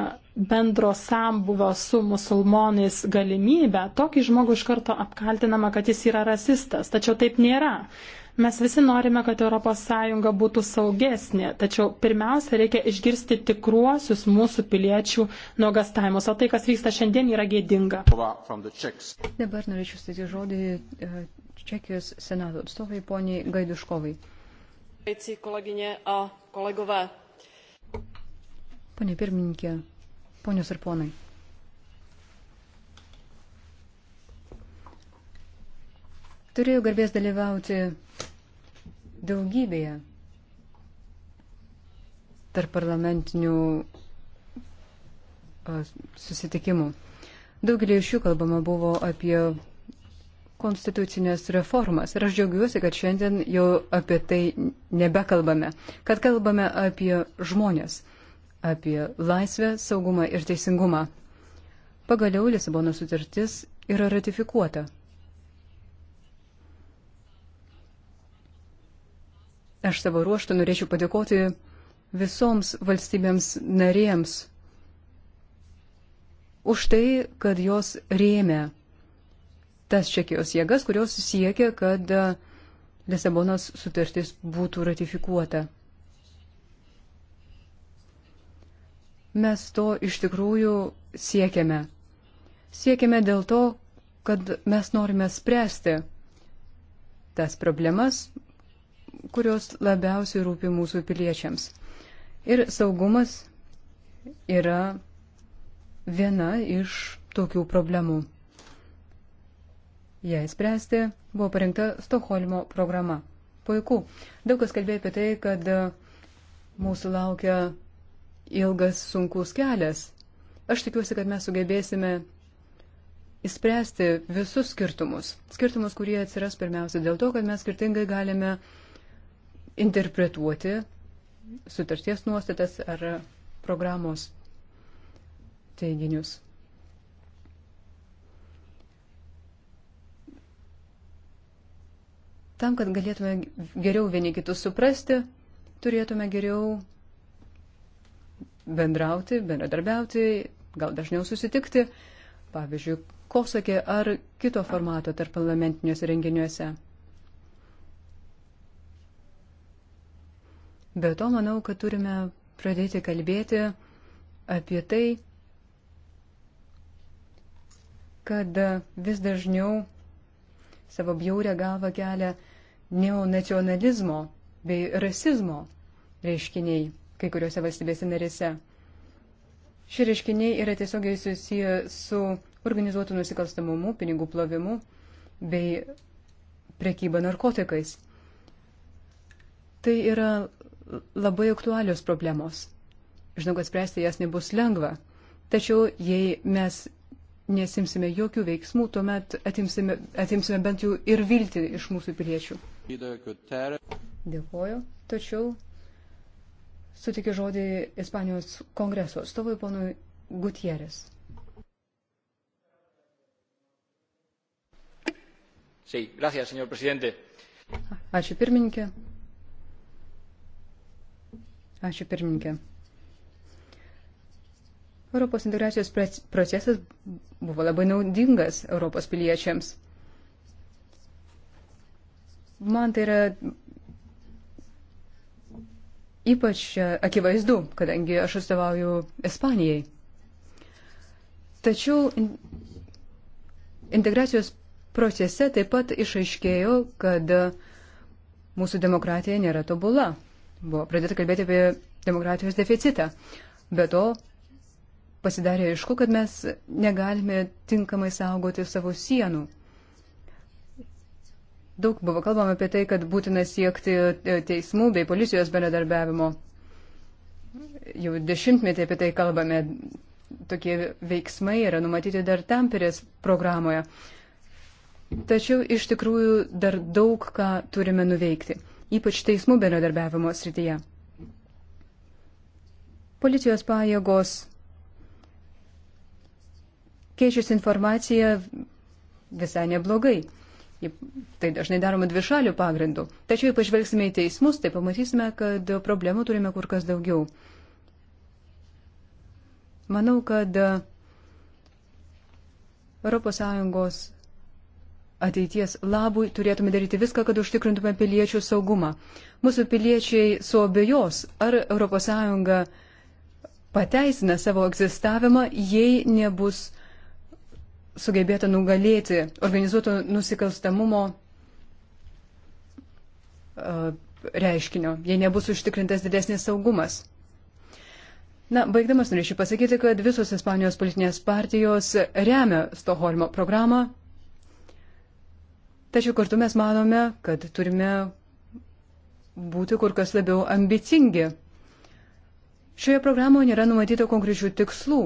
bendro sambuvio su musulmonais galimybę, tokį žmogų iš karto apkaltinama, kad jis yra rasistas. Tačiau taip nėra. Mes visi norime, kad ES būtų saugesnė, tačiau pirmiausia reikia išgirsti tikruosius mūsų piliečių nuogastavimus, o tai, kas vyksta šiandien, yra gėdinga. Dabar norėčiau statyti žodį e, Čekijos senato atstovai poniai Gaiduškovai. Pane pirmininkė, Ponios ir ponai. Turėjau garbės dalyvauti daugybėje tarp parlamentinių susitikimų. Daugelį iš jų kalbama buvo apie konstitucinės reformas. Ir aš džiaugiuosi, kad šiandien jau apie tai nebekalbame, kad kalbame apie žmonės, apie laisvę, saugumą ir teisingumą. Pagaliau Lisabono sutartis yra ratifikuota. Aš savo ruoštą norėčiau padėkoti visoms valstybėms narėms už tai, kad jos rėmė tas čekijos jėgas, kurios siekia, kad Lisabonos sutartis būtų ratifikuota. mes to iš tikrųjų siekiame. Siekiame dėl to, kad mes norime spręsti tas problemas, kurios labiausiai rūpi mūsų piliečiams. Ir saugumas yra viena iš tokių problemų. Jei spręsti, buvo parengta Stokholmo programa. Puiku. Daug kas kalbėjo apie tai, kad mūsų laukia ilgas sunkus kelias. Aš tikiuosi, kad mes sugebėsime įspręsti visus skirtumus. Skirtumus, kurie atsiras pirmiausia dėl to, kad mes skirtingai galime interpretuoti sutarties nuostatas ar programos teiginius. Tam, kad galėtume geriau vieni kitus suprasti, turėtume geriau bendrauti, bendradarbiauti, gal dažniau susitikti, pavyzdžiui, kosakė ar kito formato tarp parlamentiniuose renginiuose. Be to, manau, kad turime pradėti kalbėti apie tai, kad vis dažniau savo bjaurę galvą kelia neonacionalizmo bei rasizmo reiškiniai kai kuriuose valstybėse narėse. Šie reiškiniai yra tiesiogiai susiję su organizuotų nusikalstamumu, pinigų plovimu bei prekyba narkotikais. Tai yra labai aktualios problemos. Žinau, kad spręsti jas nebus lengva, tačiau jei mes nesimsime jokių veiksmų, tuomet atimsime, atimsime bent jau ir viltį iš mūsų piliečių. Dėkuoju, tačiau sutikiu žodį Ispanijos kongreso atstovui ponui Gutierrez. Sí, gracias, señor presidente. Ačiū pirmininkė. Ačiū pirmininkė. Europos integracijos procesas buvo labai naudingas Europos piliečiams. Man tai yra ypač e, akivaizdu, kadangi aš atstovauju Ispanijai. Tačiau integracijos procese taip pat išaiškėjo, kad mūsų demokratija nėra tobula. Buvo pradėta kalbėti apie demokratijos deficitą. Be to, pasidarė aišku, kad mes negalime tinkamai saugoti savo sienų. Daug buvo kalbama apie tai, kad būtina siekti e, teismų bei policijos bendradarbiavimo. Jau dešimtmetį apie tai kalbame. Tokie veiksmai yra numatyti dar Tamperės programoje. Tačiau iš tikrųjų dar daug ką turime nuveikti, ypač teismų bendradarbiavimo srityje. Policijos pajėgos keičiasi informacija visai neblogai. Tai dažnai daroma dvišalių pagrindų. Tačiau jei pažvelgsime į teismus, tai pamatysime, kad problemų turime kur kas daugiau. Manau, kad ES ateities labui turėtume daryti viską, kad užtikrintume piliečių saugumą. Mūsų piliečiai suabejos, ar ES pateisina savo egzistavimą, jei nebus sugebėta nugalėti organizuoto nusikalstamumo reiškinio, jei nebus užtikrintas didesnis saugumas. Na, baigdamas norėčiau pasakyti, kad visos Ispanijos politinės partijos remia Stoholmo programą, tačiau kartu mes manome, kad turime būti kur kas labiau ambicingi. Šioje programoje nėra numatyta konkrečių tikslų,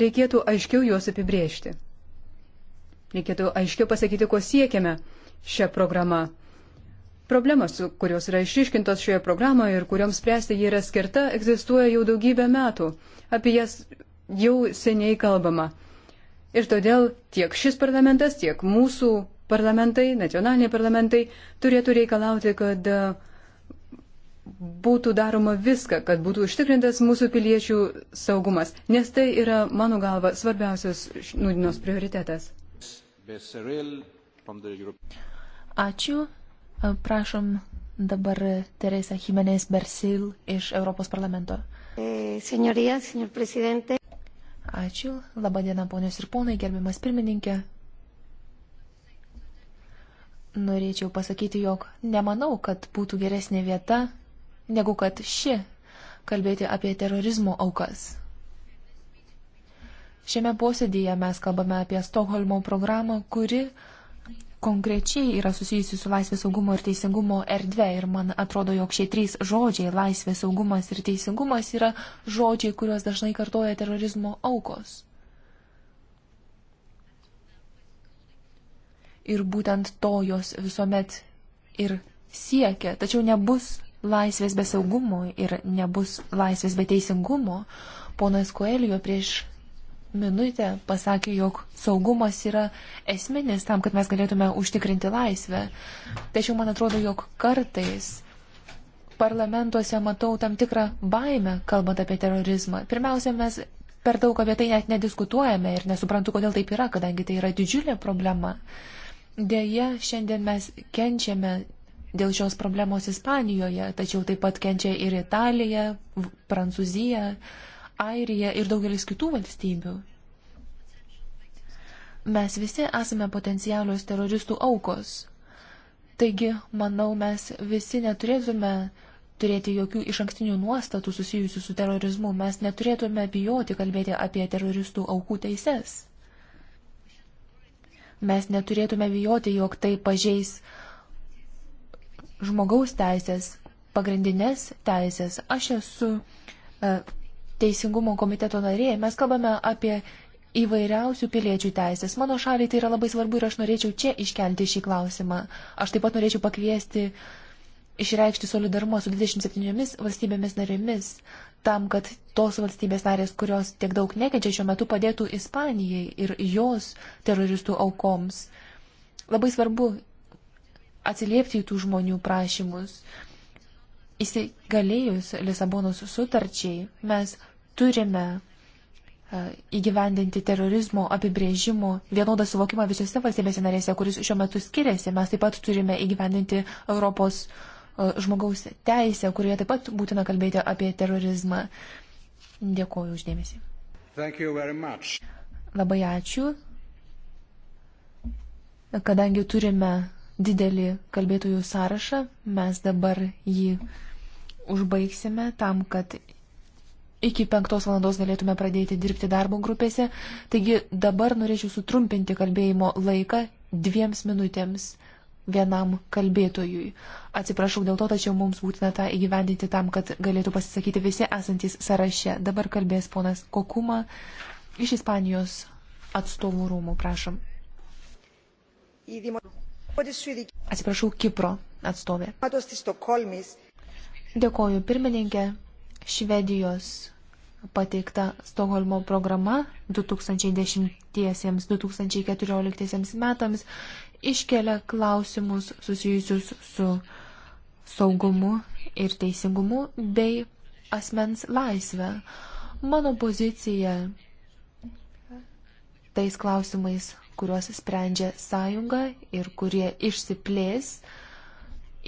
reikėtų aiškiau juos apibriežti. Reikėtų aiškiau pasakyti, ko siekiame šią programą. Problemas, kurios yra išiškintos šioje programoje ir kuriuoms spręsti jie yra skirta, egzistuoja jau daugybę metų. Apie jas jau seniai kalbama. Ir todėl tiek šis parlamentas, tiek mūsų parlamentai, nacionaliniai parlamentai turėtų reikalauti, kad uh, būtų daroma viską, kad būtų užtikrintas mūsų piliečių saugumas, nes tai yra, mano galva, svarbiausias nudinos prioritetas. Ačiū. Prašom dabar Teresa Jimenez Bersil iš Europos parlamento. Eh, Senjorija, senjor prezidentė. Ačiū. Labadiena, ponios ir ponai, gerbiamas pirmininkė. Norėčiau pasakyti, jog nemanau, kad būtų geresnė vieta negu kad ši kalbėti apie terorizmo aukas. Šiame posėdėje mes kalbame apie Stokholmo programą, kuri konkrečiai yra susijusi su laisvės saugumo ir teisingumo erdvė. Ir man atrodo, jog šie trys žodžiai - laisvė, saugumas ir teisingumas - yra žodžiai, kuriuos dažnai kartoja terorizmo aukos. Ir būtent to jos visuomet ir siekia, tačiau nebus laisvės be saugumo ir nebus laisvės be teisingumo, ponas Koelio prieš minutę pasakė, jog saugumas yra esminis tam, kad mes galėtume užtikrinti laisvę. Tačiau man atrodo, jog kartais parlamentuose matau tam tikrą baimę, kalbant apie terorizmą. Pirmiausia, mes per daug apie tai net nediskutuojame ir nesuprantu, kodėl taip yra, kadangi tai yra didžiulė problema. Deja, šiandien mes kenčiame dėl šios problemos Ispanijoje, tačiau taip pat kenčia ir Italija, Prancūzija, Airija ir daugelis kitų valstybių. Mes visi esame potencialios teroristų aukos. Taigi, manau, mes visi neturėtume turėti jokių iš ankstinių nuostatų susijusių su terorizmu. Mes neturėtume bijoti kalbėti apie teroristų aukų teises. Mes neturėtume bijoti, jog tai pažeis uh, žmogaus teisės, pagrindinės teisės. Aš esu e, Teisingumo komiteto narė. Mes kalbame apie įvairiausių piliečių teisės. Mano šaliai tai yra labai svarbu ir aš norėčiau čia iškelti šį klausimą. Aš taip pat norėčiau pakviesti išreikšti solidarumą su 27 valstybėmis narėmis, tam, kad tos valstybės narės, kurios tiek daug nekenčia šiuo metu, padėtų Ispanijai ir jos teroristų aukoms. Labai svarbu atsiliepti į tų žmonių prašymus. Įsigalėjus Lisabonos sutarčiai mes turime e, įgyvendinti terorizmo apibrėžimo vienodą suvokimą visose valstybėse narėse, kuris šiuo metu skiriasi. Mes taip pat turime įgyvendinti Europos e, žmogaus teisę, kurioje taip pat būtina kalbėti apie terorizmą. Dėkuoju uždėmesį. Labai ačiū. Kadangi turime didelį kalbėtojų sąrašą. Mes dabar jį užbaigsime tam, kad iki penktos valandos galėtume pradėti dirbti darbo grupėse. Taigi dabar norėčiau sutrumpinti kalbėjimo laiką dviems minutėms vienam kalbėtojui. Atsiprašau dėl to, tačiau mums būtina tą įgyvendinti tam, kad galėtų pasisakyti visi esantys sąraše. Dabar kalbės ponas Kokuma iš Ispanijos atstovų rūmų, prašom. Įdimo. Atsiprašau, Kipro atstovė. Dėkoju, pirmininkė. Švedijos pateikta Stokholmo programa 2010-2014 metams iškelia klausimus susijusius su saugumu ir teisingumu bei asmens laisvę. Mano pozicija tais klausimais kuriuos sprendžia sąjunga ir kurie išsiplės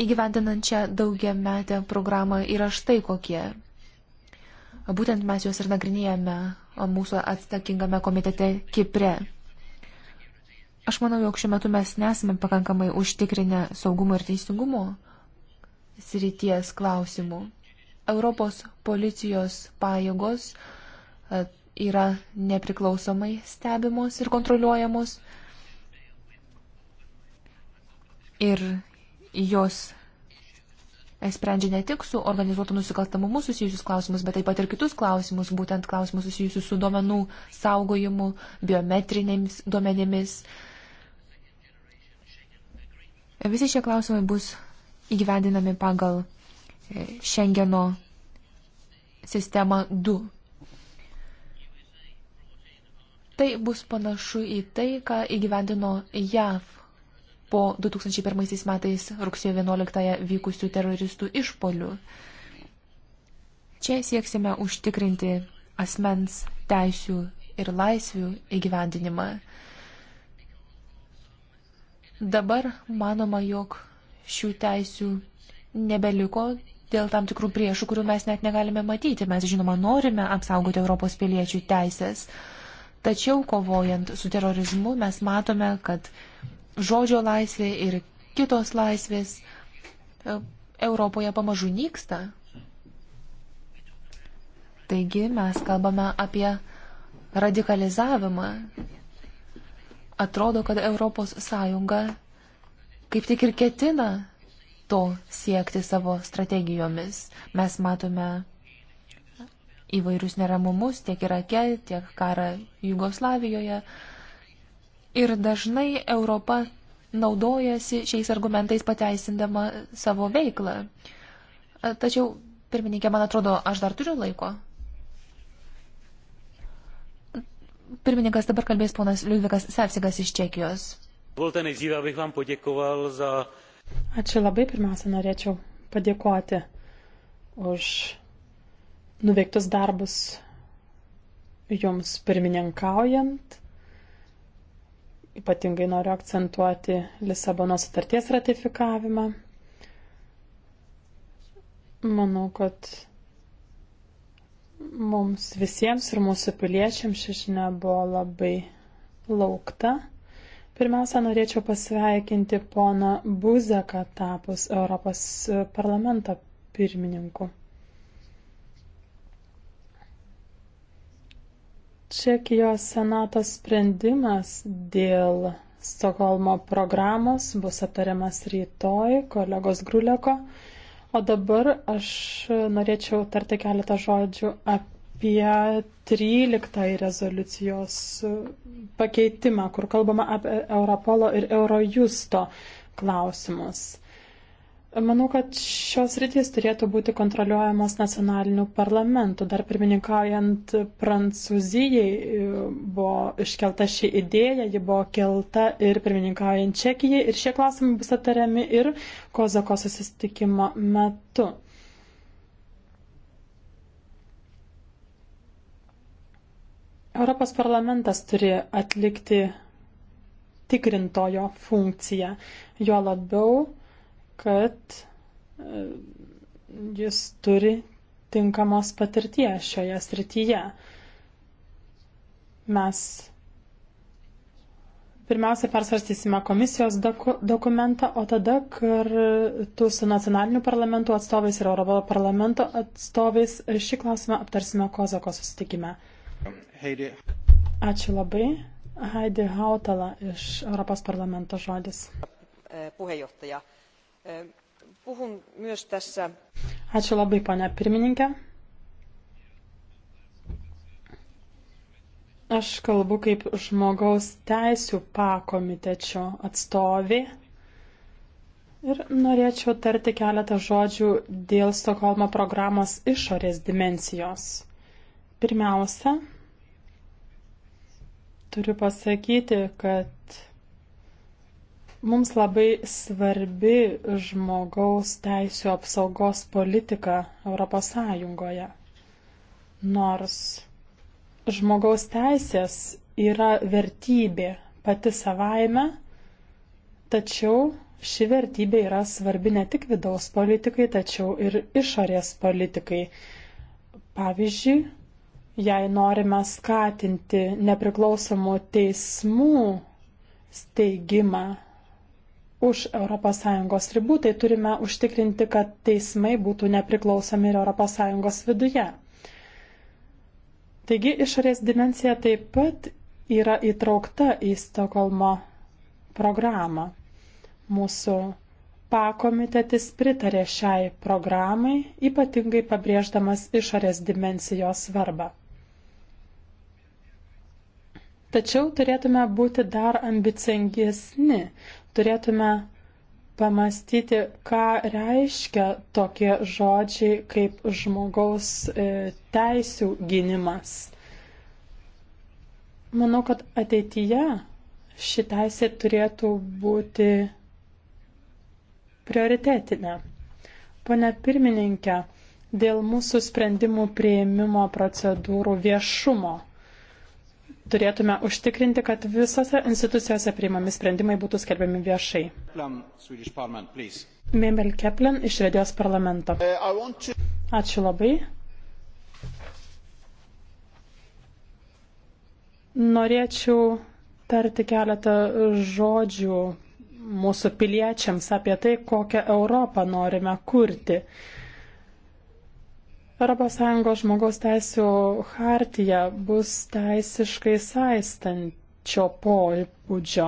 įgyvendinančią daugiametę programą yra štai kokie. Būtent mes juos ir nagrinėjame mūsų atsakingame komitete Kipre. Aš manau, jog šiuo metu mes nesame pakankamai užtikrinę saugumo ir teisingumo srities klausimų. Europos policijos pajėgos yra nepriklausomai stebimos ir kontroliuojamos. Ir jos sprendžia ne tik su organizuotu nusikaltamumu susijusius klausimus, bet taip pat ir kitus klausimus, būtent klausimus susijusius su duomenų saugojimu, biometrinėmis duomenėmis. Visi šie klausimai bus įgyvendinami pagal Šengeno e, sistemą 2. Tai bus panašu į tai, ką įgyvendino JAV po 2001 metais rugsėjo 11 vykusių teroristų išpolių. Čia sieksime užtikrinti asmens teisių ir laisvių įgyvendinimą. Dabar manoma, jog šių teisių nebeliko dėl tam tikrų priešų, kurių mes net negalime matyti. Mes, žinoma, norime apsaugoti Europos piliečių teisės, Tačiau kovojant su terorizmu mes matome, kad žodžio laisvė ir kitos laisvės e, Europoje pamažu nyksta. Taigi mes kalbame apie radikalizavimą. Atrodo, kad Europos Sąjunga kaip tik ir ketina to siekti savo strategijomis. Mes matome įvairius neramumus tiek Irake, tiek karą Jugoslavijoje. Ir dažnai Europa naudojasi šiais argumentais pateisindama savo veiklą. Tačiau, pirmininkė, man atrodo, aš dar turiu laiko. Pirmininkas dabar kalbės ponas Liudvikas Sepsigas iš Čekijos. Ačiū labai, pirmiausia, norėčiau padėkoti už nuveiktus darbus jums pirmininkaujant. Ypatingai noriu akcentuoti Lisabono sutarties ratifikavimą. Manau, kad mums visiems ir mūsų piliečiams ši žinia buvo labai laukta. Pirmiausia, norėčiau pasveikinti poną Buzeką tapus Europos parlamento pirmininku. Čekijos senato sprendimas dėl Stokholmo programos bus aptariamas rytoj kolegos Gruleko. O dabar aš norėčiau tarti keletą žodžių apie 13 rezoliucijos pakeitimą, kur kalbama apie Europolo ir Eurojusto klausimus. Manau, kad šios rytis turėtų būti kontroliuojamos nacionalinių parlamentų. Dar pirmininkaujant Prancūzijai e, buvo iškelta ši idėja, ji buvo kelta ir pirmininkaujant Čekijai ir šie klausimai bus atariami ir Kozako susitikimo metu. Europos parlamentas turi atlikti tikrintojo funkciją, jo labiau kad e, jis turi tinkamos patirties šioje srityje. Mes pirmiausia persvarstysime komisijos doku, dokumentą, o tada kartu su nacionaliniu parlamentu atstovais ir Europo parlamento atstovais šį klausimą aptarsime Kozako susitikime. Heidi. Ačiū labai. Heidi Hautala iš Europos parlamento žodis. Puheenjohtaja Puhun myös tässä. Ačiū labai, pane pirmininkė. Aš kalbu kaip žmogaus teisų pakomitečio atstovė ir norėčiau tarti keletą žodžių dėl Stokholmo programos išorės dimensijos. Pirmiausia, turiu pasakyti, kad Mums labai svarbi žmogaus teisų apsaugos politika Europos Sąjungoje. Nors žmogaus teisės yra vertybė pati savaime, tačiau ši vertybė yra svarbi ne tik vidaus politikai, tačiau ir išorės politikai. Pavyzdžiui, jei norime skatinti nepriklausomų teismų steigimą už ES ribų, tai turime užtikrinti, kad teismai būtų nepriklausomi ir ES viduje. Taigi išorės dimensija taip pat yra įtraukta į Stokholmo programą. Mūsų pakomitetis pritarė šiai programai, ypatingai pabrėždamas išorės dimensijos svarbą. Tačiau turėtume būti dar ambicingesni turėtume pamastyti, ką reiškia tokie žodžiai kaip žmogaus e, teisų gynimas. Manau, kad ateityje ši teisė turėtų būti prioritetinė. Pone pirmininkė, dėl mūsų sprendimų prieimimo procedūrų viešumo turėtume užtikrinti, kad visose institucijose priimami sprendimai būtų skelbiami viešai. Mimel Keplen iš Švedijos parlamento. Uh, Ačiū labai. Norėčiau tarti keletą žodžių mūsų piliečiams apie tai, kokią Europą norime kurti. ES žmogaus teisų hartija bus teisiškai saistančio pobūdžio,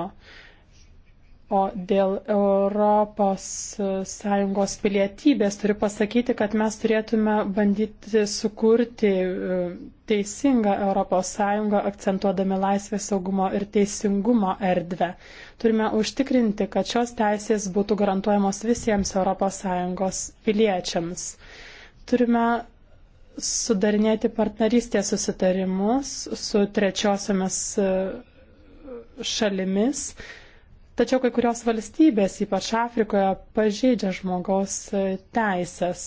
o dėl ES pilietybės turiu pasakyti, kad mes turėtume bandyti sukurti e, teisingą ES akcentuodami laisvę, saugumo ir teisingumo erdvę. Turime užtikrinti, kad šios teisės būtų garantuojamos visiems ES piliečiams. Turime sudarinėti partnerystės susitarimus su trečiosiamis e, šalimis, tačiau kai kurios valstybės, ypač Afrikoje, pažeidžia žmogaus e, teisės.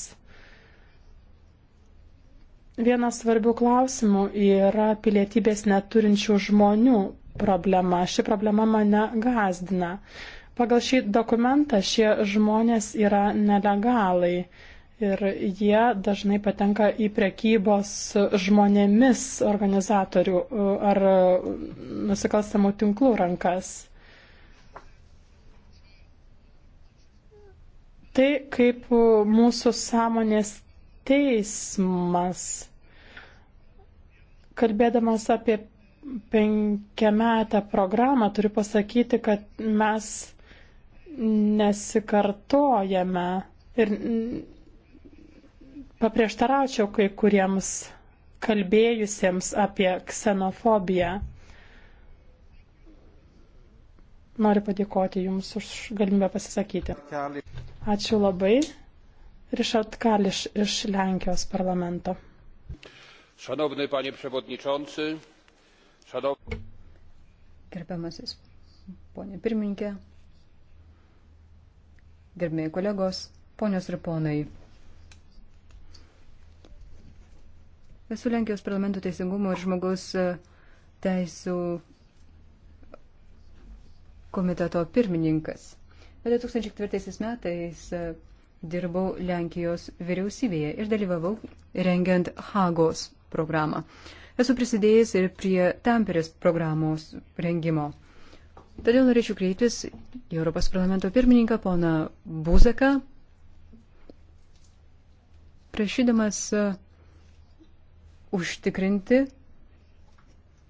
Vienas svarbių klausimų yra pilietybės neturinčių žmonių problema. Ši problema mane gazdina. Pagal šį dokumentą šie žmonės yra nelegalai. Ir jie dažnai patenka į prekybos žmonėmis organizatorių e, ar nusikalstamų tinklų rankas. Tai kaip mūsų sąmonės teismas, kalbėdamas apie penkiametę programą, turiu pasakyti, kad mes nesikartojame ir paprieštaraučiau kai kuriems kalbėjusiems apie ksenofobiją. Noriu padėkoti Jums už galimybę pasisakyti. Ačiū labai. Ryšard Kališ iš Lenkijos parlamento. Szanowny panie przewodniczący, szanowny. Gerbiamasis ponė pirmininkė, gerbėjai kolegos, ponios ir ponai. Esu Lenkijos parlamento teisingumo ir žmogaus e, teisų komiteto pirmininkas. Bet 2004 metais e, dirbau Lenkijos vyriausybėje ir dalyvavau rengiant Hagos programą. Esu prisidėjęs ir prie Tamperės programos rengimo. Todėl norėčiau kreiptis į Europos parlamento pirmininką poną Buzaką, prašydamas e, užtikrinti,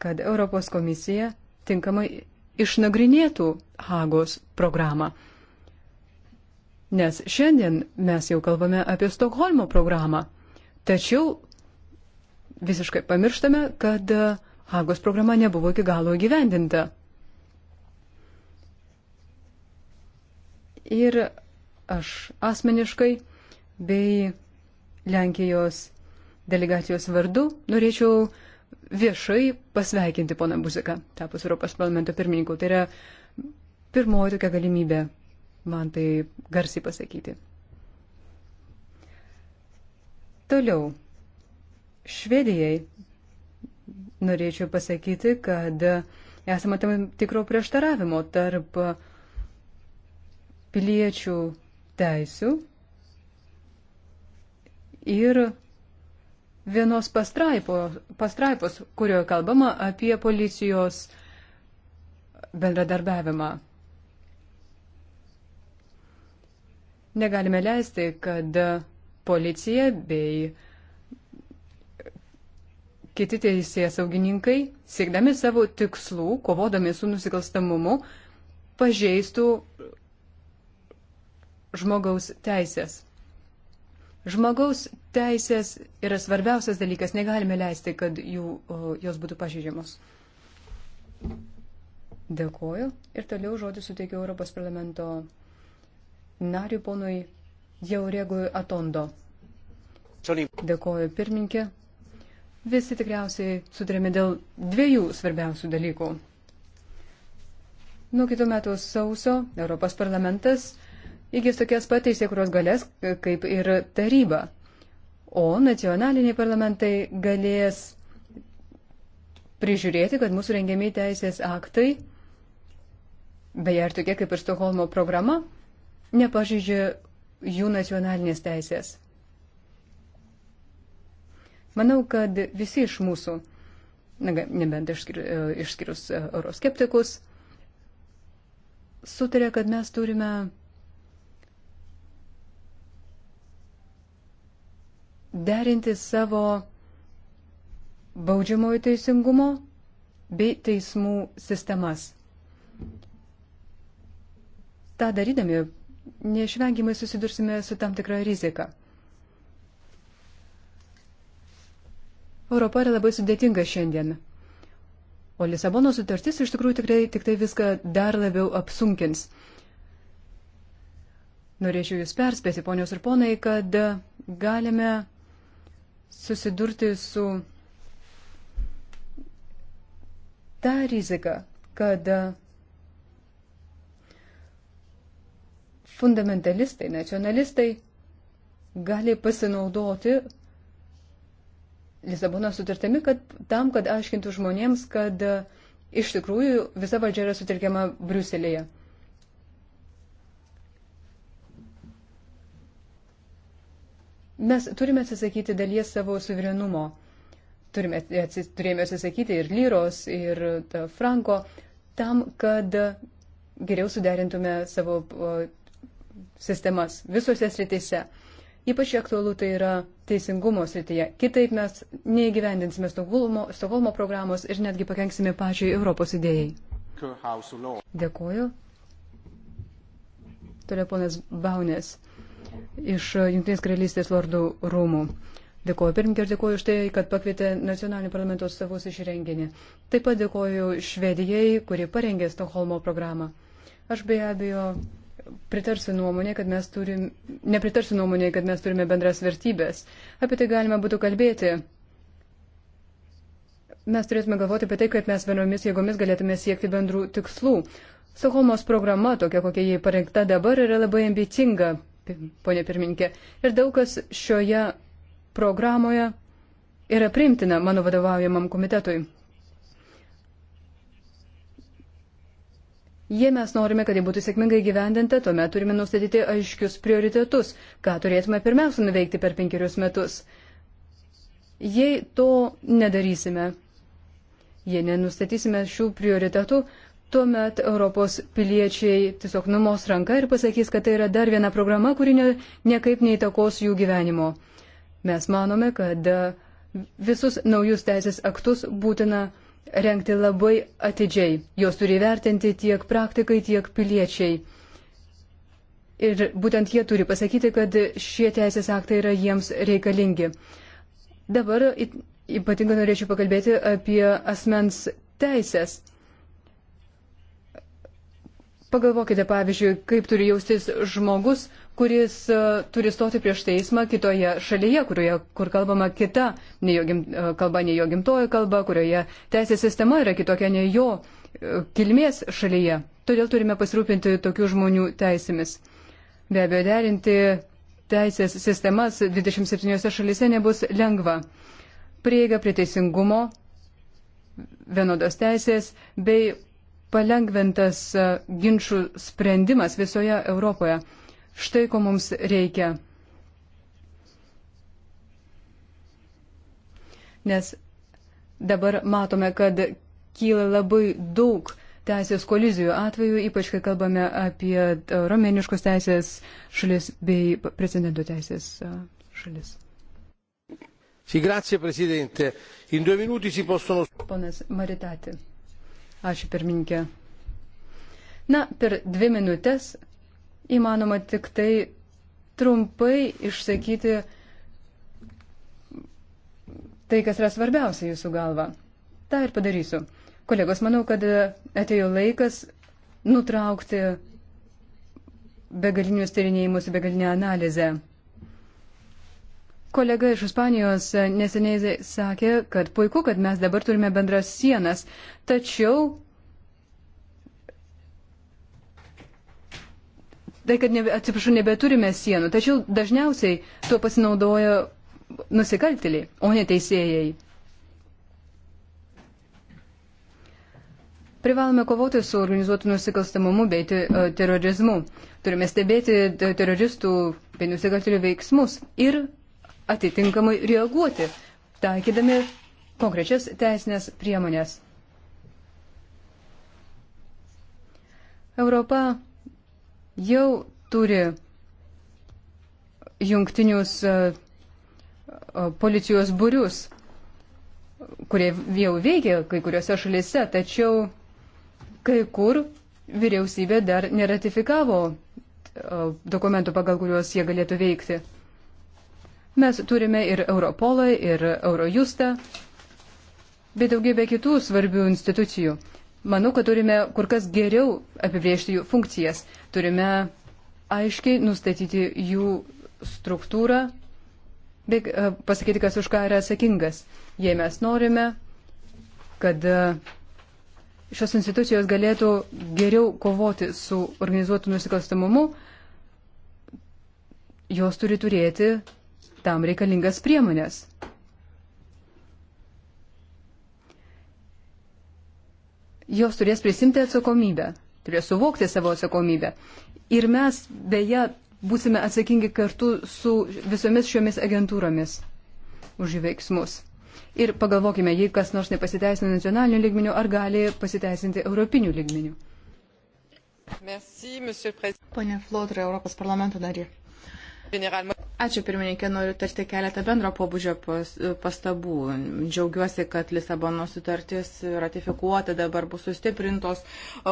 kad Europos komisija tinkamai išnagrinėtų Hagos programą. Nes šiandien mes jau kalbame apie Stokholmo programą, tačiau visiškai pamirštame, kad e, Hagos programa nebuvo iki galo įgyvendinta. Ir aš asmeniškai bei Lenkijos delegacijos vardu norėčiau viešai pasveikinti poną Buziką, tapus Europos parlamento pirmininku. Tai yra pirmoji tokia galimybė man tai garsiai pasakyti. Toliau. Švedijai norėčiau pasakyti, kad esame tam tikro prieštaravimo tarp piliečių teisių ir vienos pastraipo, pastraipos, kurioje kalbama apie policijos bendradarbiavimą. Negalime leisti, kad policija bei kiti teisės saugininkai, siekdami savo tikslų, kovodami su nusikalstamumu, pažeistų žmogaus teisės. Žmogaus teisės yra svarbiausias dalykas. Negalime leisti, kad jų, jos būtų pažydžiamos. Dėkuoju. Ir toliau žodį suteikiu Europos parlamento nariui ponui Jauregui Atondo. Dėkuoju pirmininkė. Visi tikriausiai sutarėme dėl dviejų svarbiausių dalykų. Nuo kitų metų sausio Europos parlamentas įgis tokias pat teisėkuros galės kaip ir taryba o nacionaliniai parlamentai galės prižiūrėti, kad mūsų rengiami teisės aktai, beje, ir tokie kaip ir Stokholmo programa, nepažydžia jų nacionalinės teisės. Manau, kad visi iš mūsų, na, nebent išskirius euroskeptikus, sutarė, kad mes turime derinti savo baudžiamojo teisingumo bei teismų sistemas. Ta darydami neišvengiamai susidursime su tam tikra rizika. Europa yra labai sudėtinga šiandien. O Lisabono sutartis iš tikrųjų tikrai tik tai viską dar labiau apsunkins. Norėčiau Jūs perspėti, ponios ir ponai, kad galime susidurti su ta rizika, kad fundamentalistai, nacionalistai gali pasinaudoti Lisabono sutartimi, kad tam, kad aiškintų žmonėms, kad iš tikrųjų visa valdžia yra sutelkiama Briuselėje. Mes turime atsisakyti dalies savo suverenumo. Turime, turėjome atsisakyti ir lyros, ir e, franko, tam, kad geriau suderintume savo sistemas visose sritise. Ypač aktualu tai yra teisingumo srityje. Kitaip mes neįgyvendinsime Stokholmo programos ir netgi pakenksime pačiai Europos idėjai. Dėkuoju. Toliau ponas Baunės iš Junktinės karalystės lordų rūmų. Dėkuoju pirmininkė ir dėkuoju už tai, kad pakvietė nacionalinį parlamento savus iš renginį. Taip pat dėkuoju Švedijai, kuri parengė Stokholmo programą. Aš be abejo pritarsiu nuomonė, kad mes turim, nepritarsiu nuomonė, kad mes turime bendras vertybės. Apie tai galima būtų kalbėti. Mes turėtume galvoti apie tai, kad mes vienomis jėgomis galėtume siekti bendrų tikslų. Stokholmos programa, tokia kokia jai parengta dabar, yra labai ambicinga ponė pirmininkė. Ir daug kas šioje programoje yra primtina mano vadovaujamam komitetui. Jei mes norime, kad jie būtų sėkmingai gyvendinta, tuomet turime nustatyti aiškius prioritetus, ką turėtume pirmiausia nuveikti per penkerius metus. Jei to nedarysime, jei nenustatysime šių prioritetų, tuomet Europos piliečiai tiesiog numos ranką ir pasakys, kad tai yra dar viena programa, kuri ne, niekaip neįtakos jų gyvenimo. Mes manome, kad visus naujus teisės aktus būtina renkti labai atidžiai. Jos turi vertinti tiek praktikai, tiek piliečiai. Ir būtent jie turi pasakyti, kad šie teisės aktai yra jiems reikalingi. Dabar ypatingai norėčiau pakalbėti apie asmens teisės. Pagalvokite, pavyzdžiui, kaip turi jaustis žmogus, kuris uh, turi stoti prieš teismą kitoje šalyje, kurioje, kur kalbama kita nei jo gim, e, kalba, nei jo gimtoji kalba, kurioje teisės sistema yra kitokia nei jo uh, kilmės šalyje. Todėl turime pasirūpinti tokių žmonių teisėmis. Be abejo, derinti teisės sistemas 27 šalyse nebus lengva. Prieiga prie teisingumo, vienodos teisės bei palengventas e, ginčių sprendimas visoje Europoje. Štai ko mums reikia. Nes dabar matome, kad kyla labai daug teisės kolizijų atveju, ypač kai kalbame apie e, romėniškos teisės šalis bei precedento teisės e, šalis. Sì, grazie Presidente. In due minuti si possono. Ponas Maritati. Ačiū pirmininkė. Na, per dvi minutės įmanoma tik tai trumpai išsakyti tai, kas yra svarbiausia jūsų galva. Ta ir padarysiu. Kolegos, manau, kad atėjo laikas nutraukti begalinius tyrinėjimus, begalinę analizę. Kolega iš Ispanijos e, neseniai sakė, kad puiku, kad mes dabar turime bendras sienas, tačiau tai, kad, ne, atsiprašau, nebeturime sienų, tačiau dažniausiai tuo pasinaudoja nusikaltėliai, o ne teisėjai. Privalome kovoti su organizuotu nusikalstamumu bei e, terorizmu. Turime stebėti teroristų bei nusikaltėlių veiksmus ir atitinkamai reaguoti, taikydami konkrečias teisinės priemonės. Europa jau turi jungtinius e, e, policijos būrius, kurie jau veikia kai kuriuose šalyse, tačiau kai kur vyriausybė dar neratifikavo e, dokumentų, pagal kuriuos jie galėtų veikti. Mes turime ir Europolą, ir Eurojustą, bei daugybę kitų svarbių institucijų. Manau, kad turime kur kas geriau apibriežti jų funkcijas. Turime aiškiai nustatyti jų struktūrą, bei e, pasakyti, kas už ką yra atsakingas. Jei mes norime, kad e, šios institucijos galėtų geriau kovoti su organizuotu nusikalstamumu, jos turi turėti tam reikalingas priemonės. Jos turės prisimti atsakomybę, turės suvokti savo atsakomybę. Ir mes beje būsime atsakingi kartu su visomis šiomis agentūromis už jų veiksmus. Ir pagalvokime, jei kas nors nepasiteisina nacionaliniu lygmeniu, ar gali pasiteisinti europiniu lygmeniu. Merci, Pane Flotre, Europos parlamento narė. General... Ačiū pirmininkė, noriu tarti keletą bendro pobūdžio pas, pastabų. Džiaugiuosi, kad Lisabono sutartis ratifikuota, dabar bus sustiprintos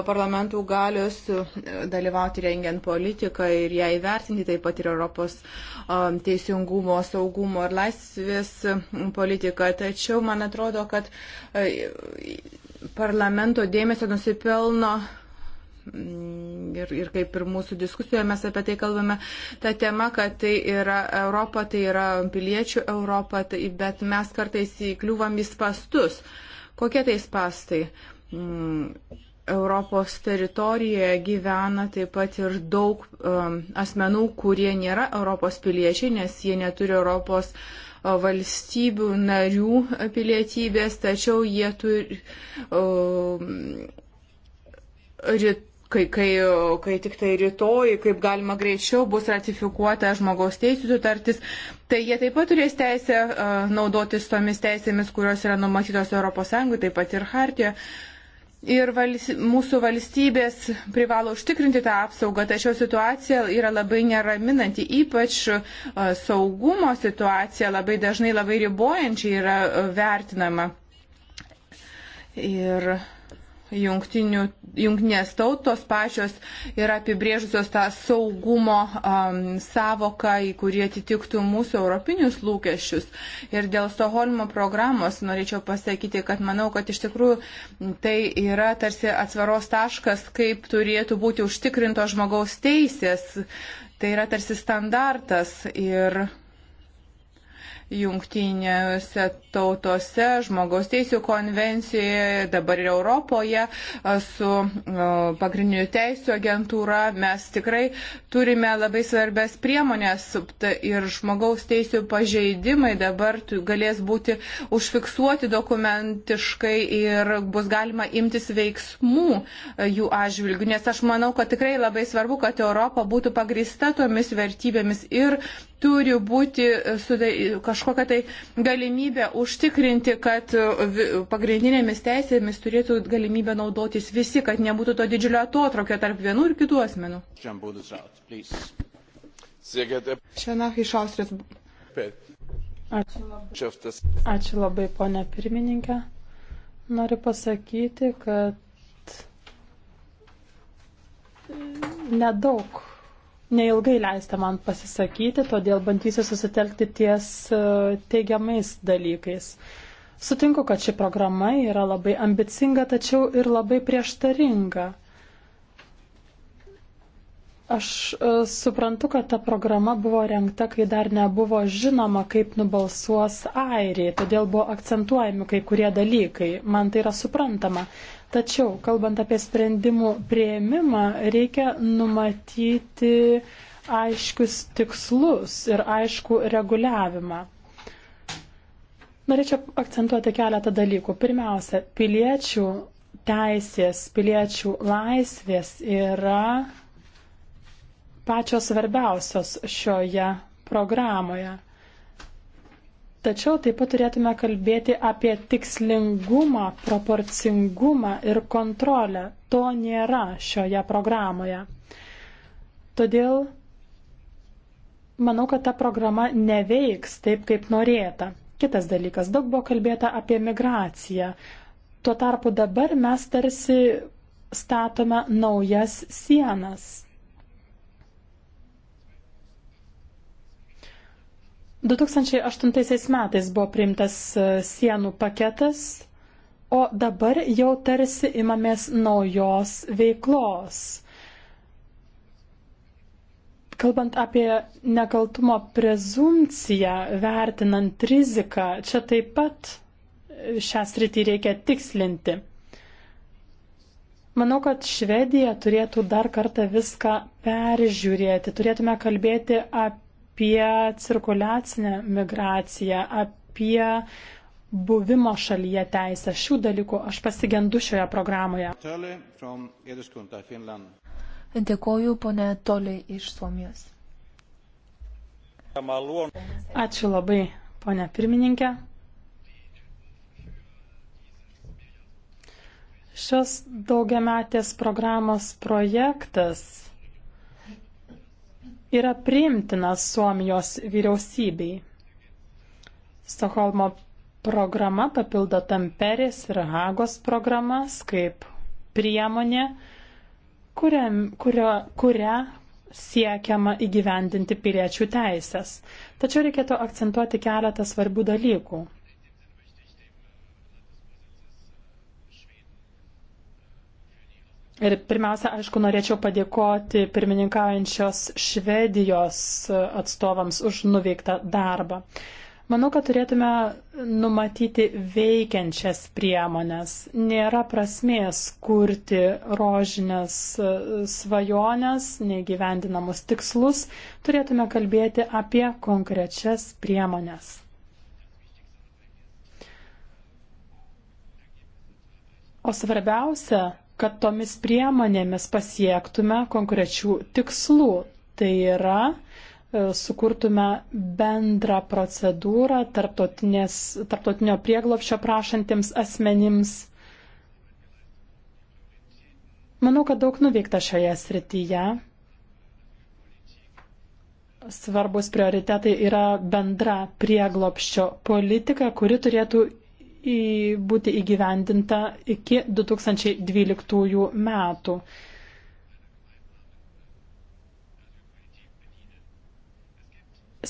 parlamentų galios e, dalyvauti rengiant politiką ir ją įvertinti, taip pat ir Europos e, teisingumo, saugumo ir laisvės e, politiką. Tačiau man atrodo, kad parlamento dėmesio nusipelno Mm, ir, ir kaip ir mūsų diskusijoje mes apie tai kalbame, ta tema, kad tai yra Europa, tai yra piliečių Europa, tai, bet mes kartais įkliuvam į spastus. Kokie tai spastai? Mm, Europos teritorijoje gyvena taip pat ir daug um, asmenų, kurie nėra Europos piliečiai, nes jie neturi Europos uh, valstybių narių pilietybės, tačiau jie turi. Um, ryt, kai, kai, kai tik tai rytoj, kaip galima greičiau bus ratifikuota žmogaus teisų sutartis, tai jie taip pat turės teisę naudotis tomis teisėmis, kurios yra numatytos ES, taip pat ir Hartijoje. Ir vals, mūsų valstybės privalo užtikrinti tą apsaugą, tačiau situacija yra labai neraminanti, ypač saugumo situacija labai dažnai labai ribojančiai yra vertinama. Ir jungtinės tautos pačios yra apibrėžusios tą saugumo um, savoką, į kurį atitiktų mūsų europinius lūkesčius. Ir dėl Stoholmo programos norėčiau pasakyti, kad manau, kad iš tikrųjų tai yra tarsi atsvaros taškas, kaip turėtų būti užtikrinto žmogaus teisės. Tai yra tarsi standartas ir jungtinėse tautose, žmogaus teisų konvencijoje, dabar ir Europoje su pagrindinių teisų agentūra. Mes tikrai turime labai svarbės priemonės ir žmogaus teisų pažeidimai dabar galės būti užfiksuoti dokumentiškai ir bus galima imtis veiksmų jų atžvilgių. Nes aš manau, kad tikrai labai svarbu, kad Europa būtų pagrįsta tomis vertybėmis ir turi būti e, kažkokia tai galimybė užtikrinti, kad e, pagrindinėmis teisėmis turėtų galimybę naudotis visi, kad nebūtų to didžiulio atotrokio tarp vienų ir kitų asmenų. Šiandien iš Austrės. Ačiū labai. Ačiū labai, ponė pirmininkė. Noriu pasakyti, kad nedaug neilgai leista man pasisakyti, todėl bandysiu susitelkti ties e, teigiamais dalykais. Sutinku, kad ši programa yra labai ambicinga, tačiau ir labai prieštaringa. Aš e, suprantu, kad ta programa buvo renkta, kai dar nebuvo žinoma, kaip nubalsuos airiai, todėl buvo akcentuojami kai kurie dalykai. Man tai yra suprantama. Tačiau, kalbant apie sprendimų prieimimą, reikia numatyti aiškius tikslus ir aišku reguliavimą. Norėčiau akcentuoti keletą dalykų. Pirmiausia, piliečių teisės, piliečių laisvės yra pačios svarbiausios šioje programoje. Tačiau taip pat turėtume kalbėti apie tikslingumą, proporcingumą ir kontrolę. To nėra šioje programoje. Todėl manau, kad ta programa neveiks taip, kaip norėta. Kitas dalykas, daug buvo kalbėta apie migraciją. Tuo tarpu dabar mes tarsi statome naujas sienas. 2008 metais buvo priimtas e, sienų paketas, o dabar jau tarsi imamės naujos veiklos. Kalbant apie nekaltumo prezumciją, vertinant riziką, čia taip pat e, šią sritį reikia tikslinti. Manau, kad Švedija turėtų dar kartą viską peržiūrėti. Turėtume kalbėti apie apie cirkuliacinę migraciją, apie buvimo šalyje teisę. Šių dalykų aš pasigendu šioje programoje. Tai Dėkoju, ponė Toliai iš Suomijos. Ačiū labai, ponė pirmininkė. Šios daugiametės programos projektas yra priimtinas Suomijos vyriausybei. Stokholmo programa papildo Tamperės ir Hagos programas kaip priemonė, kuria, kurio, kuria siekiama įgyvendinti piliečių teisės. Tačiau reikėtų akcentuoti keletą svarbių dalykų. Ir pirmiausia, aišku, norėčiau padėkoti pirmininkaujančios Švedijos atstovams už nuveiktą darbą. Manau, kad turėtume numatyti veikiančias priemonės. Nėra prasmės kurti rožinės svajonės, negyvendinamus tikslus. Turėtume kalbėti apie konkrečias priemonės. O svarbiausia, kad tomis priemonėmis pasiektume konkrečių tikslų. Tai yra e, sukurtume bendrą procedūrą tarptautinio prieglopščio prašantiems asmenims. Manau, kad daug nuveikta šioje srityje. Svarbus prioritetai yra bendra prieglopščio politika, kuri turėtų būti įgyvendinta iki 2012 metų.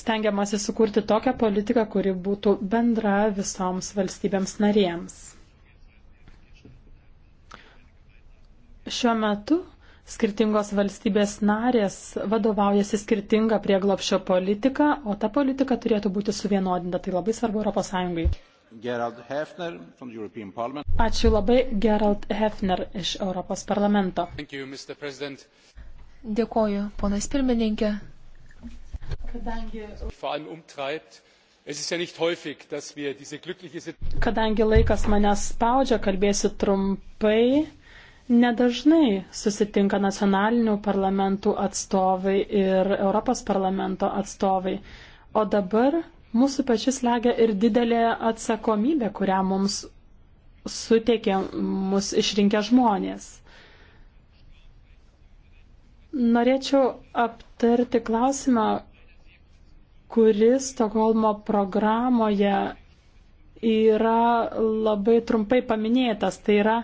Stengiamasi sukurti tokią politiką, kuri būtų bendra visoms valstybėms narėms. Šiuo metu skirtingos valstybės narės vadovaujasi skirtinga prieglopščio politika, o ta politika turėtų būti suvienodinta. Tai labai svarbu ES. Ačiū labai, Gerald Hefner iš Europos parlamento. You, Dėkoju, ponas pirmininkė. Kadangi... Kadangi laikas mane spaudžia, kalbėsiu trumpai. Nedažnai susitinka nacionalinių parlamentų atstovai ir Europos parlamento atstovai. O dabar Mūsų pačius legia ir didelė atsakomybė, kurią mums suteikė mus išrinkę žmonės. Norėčiau aptarti klausimą, kuris Stokholmo programoje yra labai trumpai paminėtas. Tai yra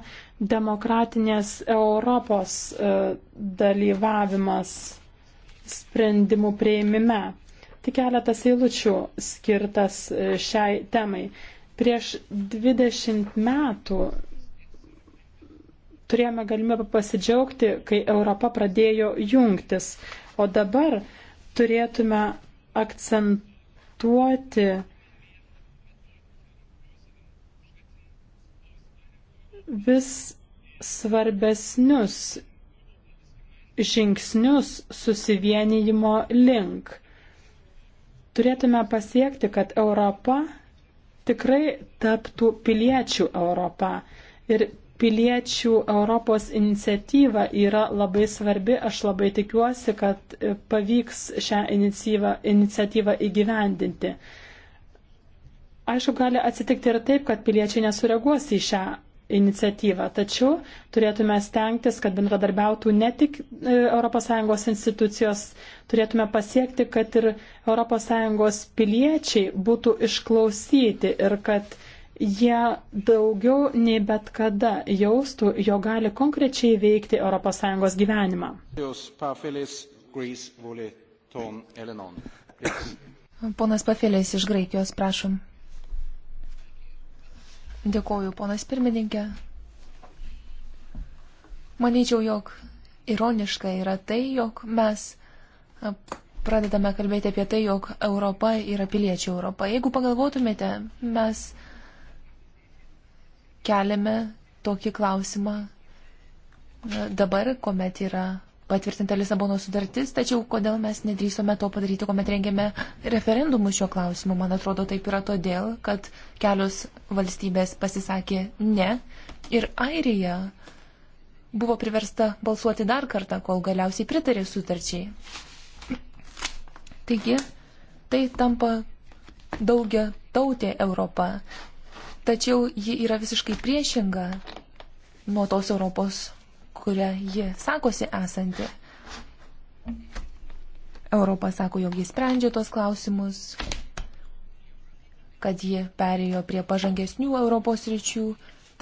demokratinės Europos e, dalyvavimas sprendimų prieimime. Tik keletas eilučių skirtas e, šiai temai. Prieš 20 metų turėjome galimybę pasidžiaugti, kai Europa pradėjo jungtis, o dabar turėtume akcentuoti vis svarbesnius žingsnius susivienijimo link. Turėtume pasiekti, kad Europa tikrai taptų piliečių Europa. Ir piliečių Europos iniciatyva yra labai svarbi. Aš labai tikiuosi, kad e, pavyks šią iniciatyvą, iniciatyvą įgyvendinti. Aišku, gali atsitikti ir taip, kad piliečiai nesureaguos į šią iniciatyvą. Tačiau turėtume stengtis, kad bendradarbiautų ne tik ES institucijos, turėtume pasiekti, kad ir ES piliečiai būtų išklausyti ir kad jie daugiau nei bet kada jaustų, jo gali konkrečiai veikti ES gyvenimą. Ponas Pafelės iš Graikijos, prašom. Dėkoju, ponas pirmininkė. Manyčiau, jog ironiška yra tai, jog mes pradedame kalbėti apie tai, jog Europa yra piliečių Europa. Jeigu pagalvotumėte, mes keliame tokį klausimą dabar, kuomet yra patvirtinta Lisabono sudartis, tačiau kodėl mes nedrįsome to padaryti, kuomet rengėme referendumus šiuo klausimu. Man atrodo, taip yra todėl, kad kelios valstybės pasisakė ne ir Airija buvo priversta balsuoti dar kartą, kol galiausiai pritarė sutarčiai. Taigi, tai tampa daugia tautė Europa, tačiau ji yra visiškai priešinga nuo tos Europos, kurią ji sakosi esanti. Europa sako, jog jis sprendžia tos klausimus, kad ji perėjo prie pažangesnių Europos ryčių,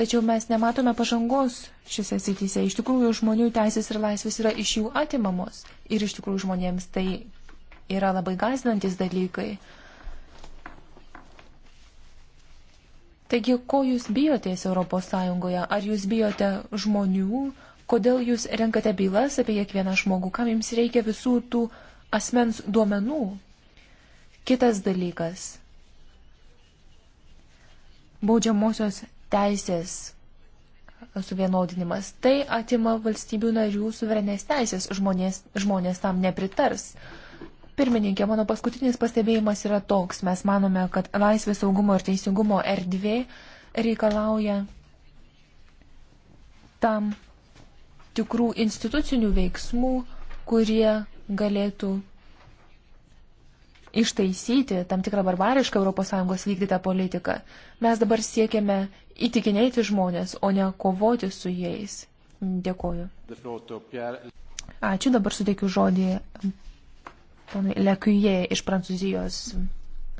tačiau mes nematome pažangos šiose srityse. Iš tikrųjų, žmonių teisės ir laisvės yra iš jų atimamos ir iš tikrųjų žmonėms tai yra labai gazdinantis dalykai. Taigi, ko jūs bijotės Europos Sąjungoje? Ar jūs bijote žmonių, Kodėl jūs renkate bylas apie kiekvieną žmogų? Kam jums reikia visų tų asmens duomenų? Kitas dalykas. Baudžiamosios teisės suvienodinimas. Tai atima valstybių narių suverenės teisės. Žmonės, žmonės tam nepritars. Pirmininkė, mano paskutinis pastebėjimas yra toks. Mes manome, kad laisvės saugumo ir teisingumo erdvė reikalauja tam tikrų institucinių veiksmų, kurie galėtų ištaisyti tam tikrą barbarišką ES vykdytą politiką. Mes dabar siekiame įtikinėti žmonės, o ne kovoti su jais. Dėkoju. Ačiū, dabar suteikiu žodį ponui Lekuje iš Prancūzijos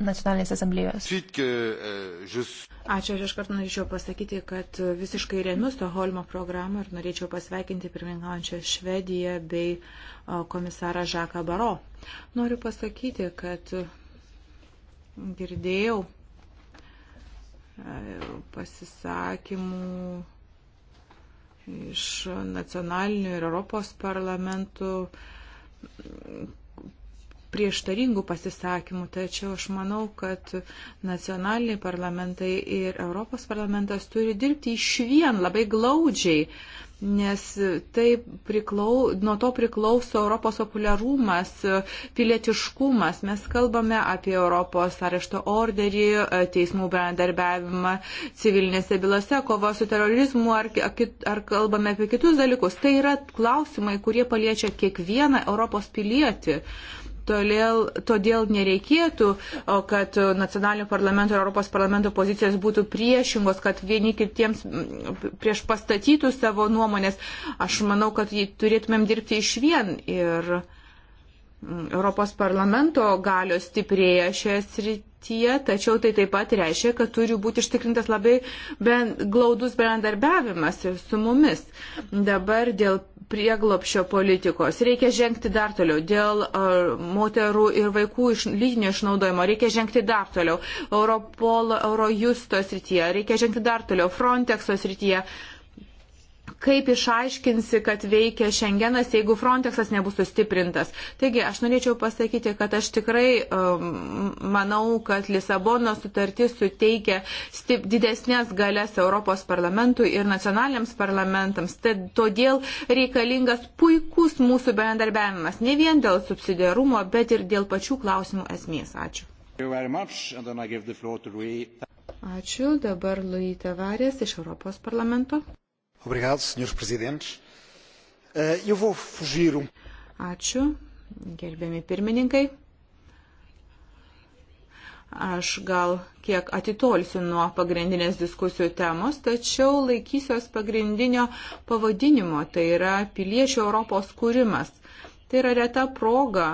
nacionalinės asamblėjos. Euh, Ačiū, aš iškart norėčiau pasakyti, kad visiškai remiu Stoholmo programą ir norėčiau pasveikinti pirmingaujančią Švediją bei komisarą Žaką Baro. Noriu pasakyti, kad girdėjau pasisakymų iš nacionalinių ir Europos parlamentų prieštaringų pasisakymų, tačiau aš manau, kad nacionaliniai parlamentai ir Europos parlamentas turi dirbti iš vien labai glaudžiai, nes tai priklau, nuo to priklauso Europos populiarumas, pilietiškumas. Mes kalbame apie Europos arešto orderį, teismų bendarbiavimą civilinėse bylose, kovo su terorizmu ar, ar kalbame apie kitus dalykus. Tai yra klausimai, kurie paliečia kiekvieną Europos pilietį. Uh, todėl, todėl nereikėtų, kad nacionalinio parlamento ir Europos parlamento pozicijos būtų priešingos, kad vieni kitiems prieš pastatytų savo nuomonės. Aš manau, kad turėtumėm dirbti iš vien ir Europos parlamento galios stiprėja šioje srityje, tačiau tai taip pat reiškia, kad turi būti ištikrintas labai ben, glaudus bendarbiavimas su mumis. Dabar dėl prieglopšio politikos. Reikia žengti dar toliau. Dėl uh, moterų ir vaikų iš, lytinio išnaudojimo reikia žengti dar toliau. Europol, Eurojusto srityje reikia žengti dar toliau. Frontexo srityje. Uh, kaip išaiškinsi, kad veikia Šengenas, jeigu Frontexas nebus sustiprintas. Taigi, aš norėčiau pasakyti, kad aš tikrai um, manau, kad Lisabono sutartis suteikia stip, didesnės galės Europos parlamentui ir nacionaliniams parlamentams. Tad, todėl reikalingas puikus mūsų bendarbiavimas, ne vien dėl subsidiarumo, bet ir dėl pačių klausimų esmės. Ačiū. Ačiū. Dabar Lui Tavarės iš Europos parlamento. Obrigado, senhores presidentes. Eh, eu vou fugir um. Ačiū, gerbiami pirmininkai. Aš gal kiek atitolsiu nuo pagrindinės diskusijų temos, tačiau laikysiuos pagrindinio pavadinimo, tai yra piliečių Europos kūrimas. Tai yra reta proga,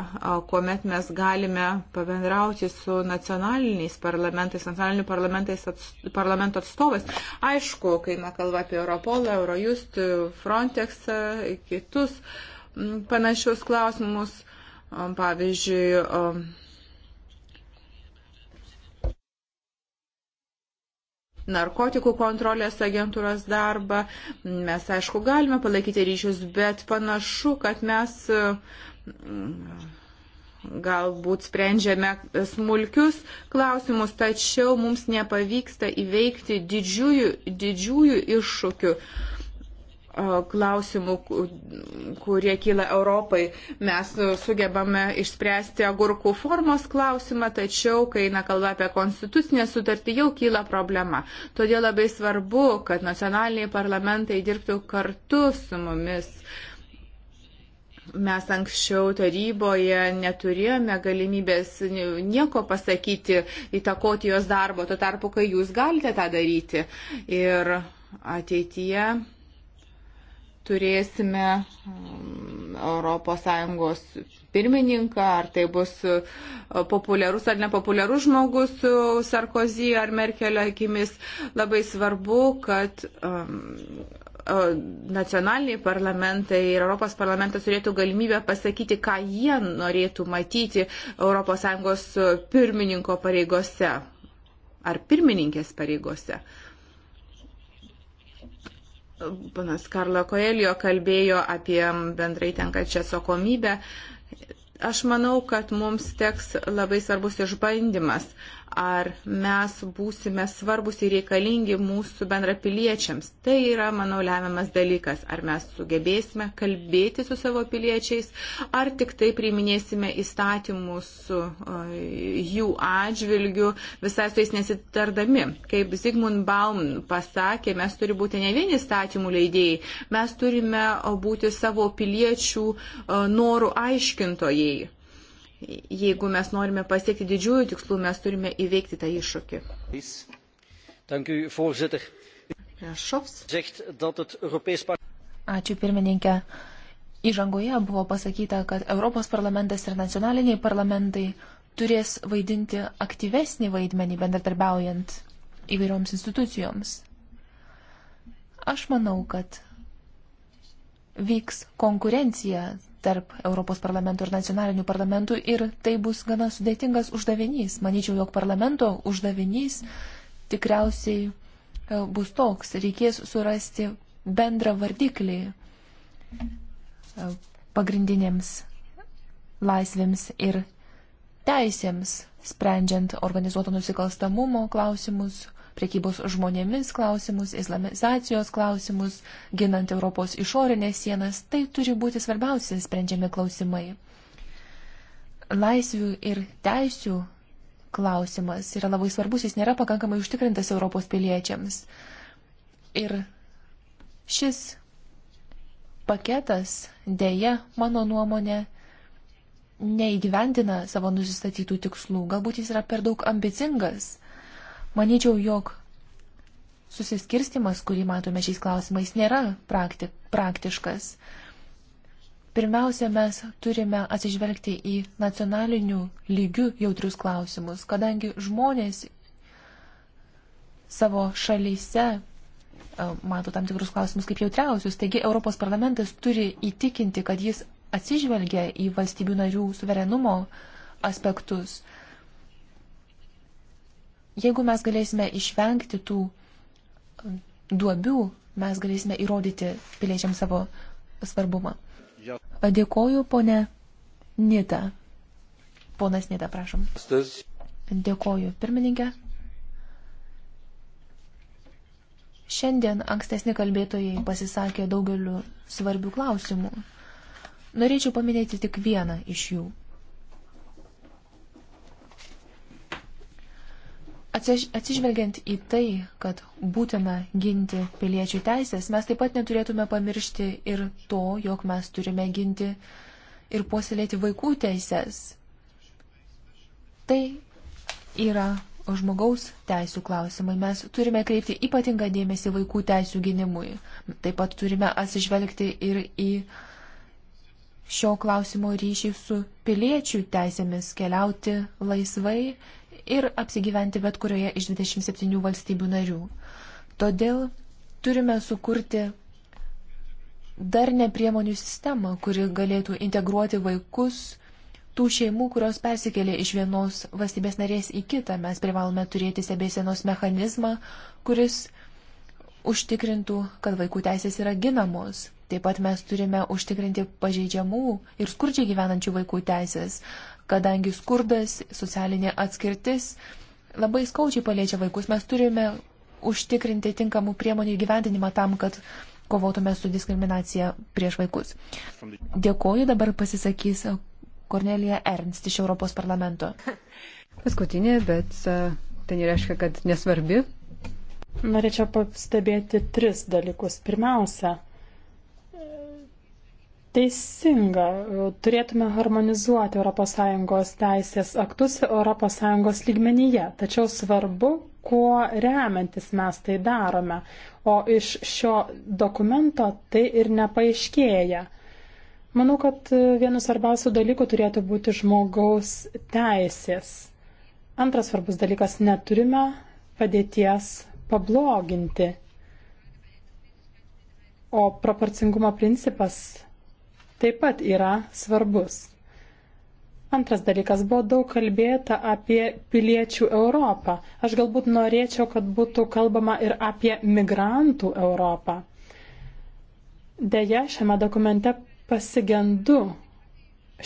kuomet mes galime pabendrauti su nacionaliniais parlamentais, nacionalinių parlamentais ats, parlamento atstovais. Aišku, kai mes kalbame apie Europolą, Eurojust, Frontexą, kitus panašius klausimus, pavyzdžiui, narkotikų kontrolės agentūros darbą. Mes, aišku, galime palaikyti ryšius, bet panašu, kad mes mm, galbūt sprendžiame smulkius klausimus, tačiau mums nepavyksta įveikti didžiųjų, didžiųjų iššūkių. Uh, klausimų, kurie kyla Europai. Mes sugebame išspręsti agurkų formos klausimą, tačiau, kai eina kalba apie konstitucinę sutartį, jau kyla problema. Todėl labai svarbu, kad nacionaliniai parlamentai dirbtų kartu su mumis. Mes anksčiau taryboje neturėjome galimybės nieko pasakyti, įtakoti jos darbo, tuo tarpu, kai jūs galite tą daryti. Ir ateityje turėsime um, ES pirmininką, ar tai bus uh, populiarus ar nepopuliarus žmogus uh, Sarkozy ar Merkelio akimis. Labai svarbu, kad um, uh, nacionaliniai parlamentai ir Europos parlamentas turėtų galimybę pasakyti, ką jie norėtų matyti ES pirmininko pareigose ar pirmininkės pareigose panas Karlo Koelio kalbėjo apie bendrai tenkačią atsakomybę. Aš manau, kad mums teks labai svarbus išbandymas ar mes būsime svarbus ir reikalingi mūsų bendrapiliečiams. Tai yra, manau, lemiamas dalykas, ar mes sugebėsime kalbėti su savo piliečiais, ar tik tai priiminėsime įstatymus jų atžvilgių, visai su jais nesitardami. Kaip Zygmunt Baum pasakė, mes turi būti ne vieni įstatymų leidėjai, mes turime būti savo piliečių norų aiškintojai jeigu mes norime pasiekti didžiųjų tikslų, mes turime įveikti tą iššūkį. Ačiū pirmininkė. Įžangoje buvo pasakyta, kad Europos parlamentas ir nacionaliniai parlamentai turės vaidinti aktyvesnį vaidmenį bendradarbiaujant įvairioms institucijoms. Aš manau, kad vyks konkurencija tarp Europos parlamento ir nacionalinių parlamentų ir tai bus gana sudėtingas uždavinys. Manyčiau, jog parlamento uždavinys tikriausiai e, bus toks. Reikės surasti bendrą vardiklį e, pagrindinėms laisvėms ir teisėms, sprendžiant organizuoto nusikalstamumo klausimus, priekybos žmonėmis klausimus, islamizacijos klausimus, ginant Europos išorinės sienas, tai turi būti svarbiausi sprendžiami klausimai. Laisvių ir teisių klausimas yra labai svarbus, jis nėra pakankamai užtikrintas Europos piliečiams. Ir šis paketas dėja, mano nuomonė, neįgyvendina savo nusistatytų tikslų. Galbūt jis yra per daug ambicingas. Manyčiau, jog susiskirstimas, kurį matome šiais klausimais, nėra prakti praktiškas. Pirmiausia, mes turime atsižvelgti į nacionalinių lygių jautrius klausimus, kadangi žmonės savo šalyse e, mato tam tikrus klausimus kaip jautriausius. Taigi Europos parlamentas turi įtikinti, kad jis atsižvelgia į valstybių narių suverenumo aspektus. Jeigu mes galėsime išvengti tų um, duobių, mes galėsime įrodyti piliečiams savo svarbumą. Dėkoju, ponė Nita. Ponas Nita, prašom. Dėkoju, pirmininkė. Šiandien ankstesni kalbėtojai pasisakė daugeliu svarbių klausimų. Norėčiau paminėti tik vieną iš jų. Atsižvelgiant į tai, kad būtina ginti piliečių teisės, mes taip pat neturėtume pamiršti ir to, jog mes turime ginti ir puoselėti vaikų teisės. Tai yra žmogaus teisų klausimai. Mes turime kreipti ypatingą dėmesį vaikų teisų gynimui. Taip pat turime atsižvelgti ir į šio klausimo ryšį su piliečių teisėmis keliauti laisvai ir apsigyventi bet kurioje iš 27 valstybių narių. Todėl turime sukurti dar ne priemonių sistemą, kuri galėtų integruoti vaikus tų šeimų, kurios persikėlė iš vienos valstybės narės į kitą. Mes privalome turėti stebėsienos mechanizmą, kuris užtikrintų, kad vaikų teisės yra ginamos. Taip pat mes turime užtikrinti pažeidžiamų ir skurdžiai gyvenančių vaikų teisės kadangi skurdas, socialinė atskirtis labai skaudžiai paliečia vaikus. Mes turime užtikrinti tinkamų priemonių įgyvendinimą tam, kad kovotume su diskriminacija prieš vaikus. Dėkoju, dabar pasisakys Kornelija Ernst iš Europos parlamento. Paskutinė, bet e, tai nereiškia, kad nesvarbi. Norėčiau pastebėti tris dalykus. Pirmiausia, Teisinga, turėtume harmonizuoti ES teisės aktus ES lygmenyje, tačiau svarbu, kuo remiantis mes tai darome, o iš šio dokumento tai ir nepaaiškėja. Manau, kad vienas svarbiausių dalykų turėtų būti žmogaus teisės. Antras svarbus dalykas - neturime padėties pabloginti. O proporcingumo principas taip pat yra svarbus. Antras dalykas, buvo daug kalbėta apie piliečių Europą. Aš galbūt norėčiau, kad būtų kalbama ir apie migrantų Europą. Deja, šiame dokumente pasigendu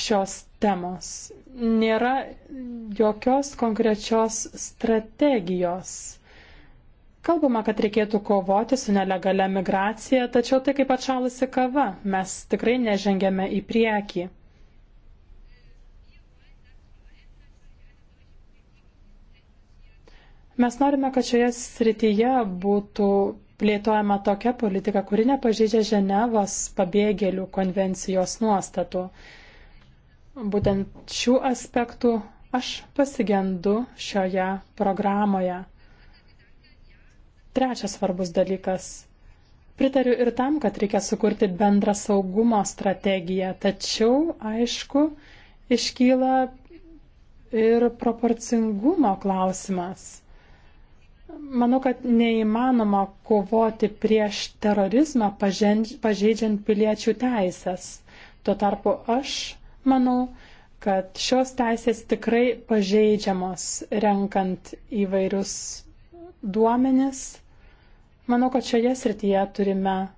šios temos. Nėra jokios konkrečios strategijos. Kalbama, kad reikėtų kovoti su nelegalia migracija, tačiau tai kaip atšalusi kava, mes tikrai nežengėme į priekį. Mes norime, kad šioje srityje būtų plėtojama tokia politika, kuri nepažeidžia Ženevos pabėgėlių konvencijos nuostatų. Būtent šių aspektų aš pasigendu šioje programoje. Trečias svarbus dalykas. Pritariu ir tam, kad reikia sukurti bendrą saugumo strategiją, tačiau, aišku, iškyla ir proporcingumo klausimas. Manau, kad neįmanoma kovoti prieš terorizmą pažeidžiant piliečių teisės. Tuo tarpu aš manau, kad šios teisės tikrai pažeidžiamos renkant įvairius duomenis Manau, kad šioje srityje turime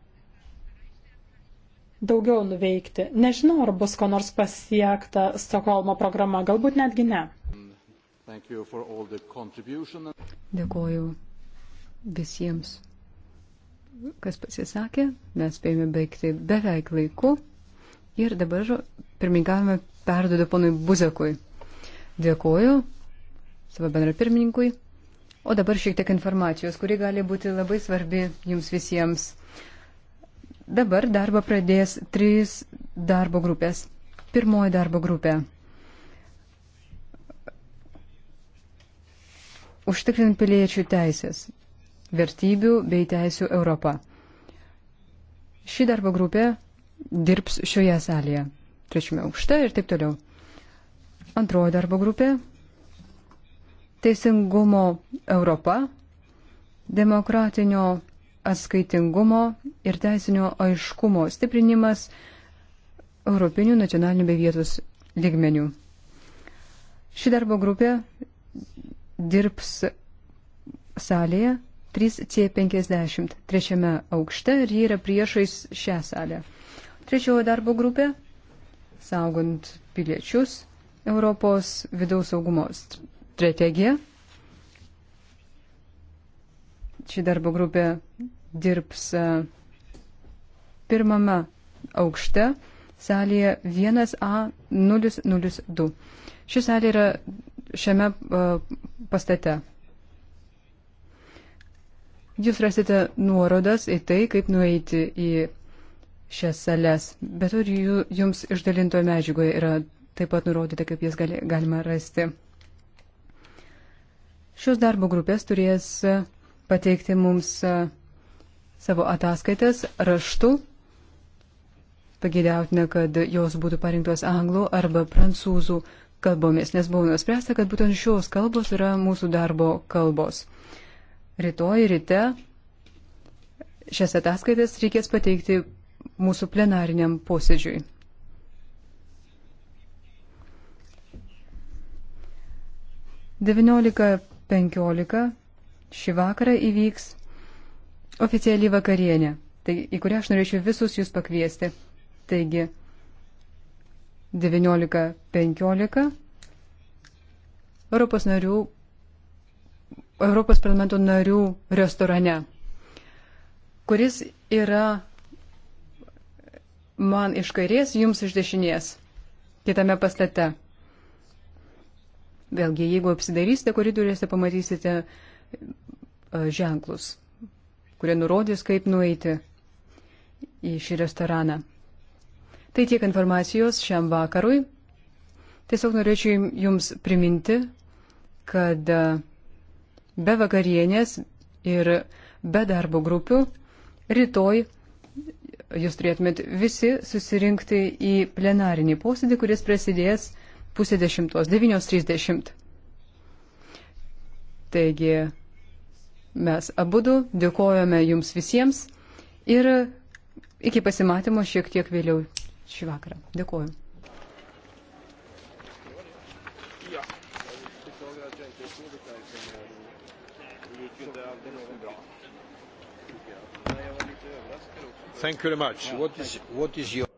daugiau nuveikti. Nežinau, ar bus ko nors pasiekta Stokholmo programa, galbūt netgi ne. Dėkuoju visiems, kas pasisakė. Mes spėjome baigti beveik laiku. Ir dabar pirmininkavimą perdodu ponui Buzekui. Dėkuoju savo bendrapirmininkui. O dabar šiek tiek informacijos, kuri gali būti labai svarbi jums visiems. Dabar darbą pradės trys darbo grupės. Pirmoji darbo grupė. Užtikrint piliečių teisės, vertybių bei teisų Europą. Ši darbo grupė dirbs šioje salėje, trečiame aukšte ir taip toliau. Antroji darbo grupė teisingumo Europa, demokratinio atskaitingumo ir teisinio aiškumo stiprinimas europinių nacionalinių bei vietos lygmenių. Ši darbo grupė dirbs salėje 3C50, trečiame aukšte ir ji yra priešais šią salę. Trečioji darbo grupė, saugant piliečius, Europos vidaus saugumos strategija. Ši darbo grupė dirbs e, pirmame aukšte salėje 1A002. Ši salė yra šiame e, pastate. Jūs rasite nuorodas į tai, kaip nueiti į šias sales, bet ir jums išdalintoje medžiagoje yra taip pat nurodyta, kaip jas gali, galima rasti. Šios darbo grupės turės e, pateikti mums e, savo ataskaitas raštu. Pagėdautina, kad jos būtų parinktos anglų arba prancūzų kalbomis, nes buvo nuspręsta, kad būtent šios kalbos yra mūsų darbo kalbos. Rytoj ryte šias ataskaitas reikės pateikti mūsų plenariniam posėdžiui. Devyniolika 15 šį vakarą įvyks oficialiai vakarienė, tai, į kurią aš norėčiau visus jūs pakviesti. Taigi 19.15 Europos, narių, Europos parlamento narių restorane, kuris yra man iš kairės, jums iš dešinės, kitame pastate. Vėlgi, jeigu apsidarysite koridoriuose, pamatysite e, ženklus, kurie nurodys, kaip nueiti į šį restoraną. Tai tiek informacijos šiam vakarui. Tiesiog norėčiau Jums priminti, kad e, be vakarienės ir be darbo grupių rytoj Jūs turėtumėt visi susirinkti į plenarinį posėdį, kuris prasidės pusė dešimtos, 9.30. Taigi mes abudu dėkojame jums visiems ir iki pasimatymo šiek tiek vėliau šį vakarą. Dėkoju. Thank you very much. What is, what is your...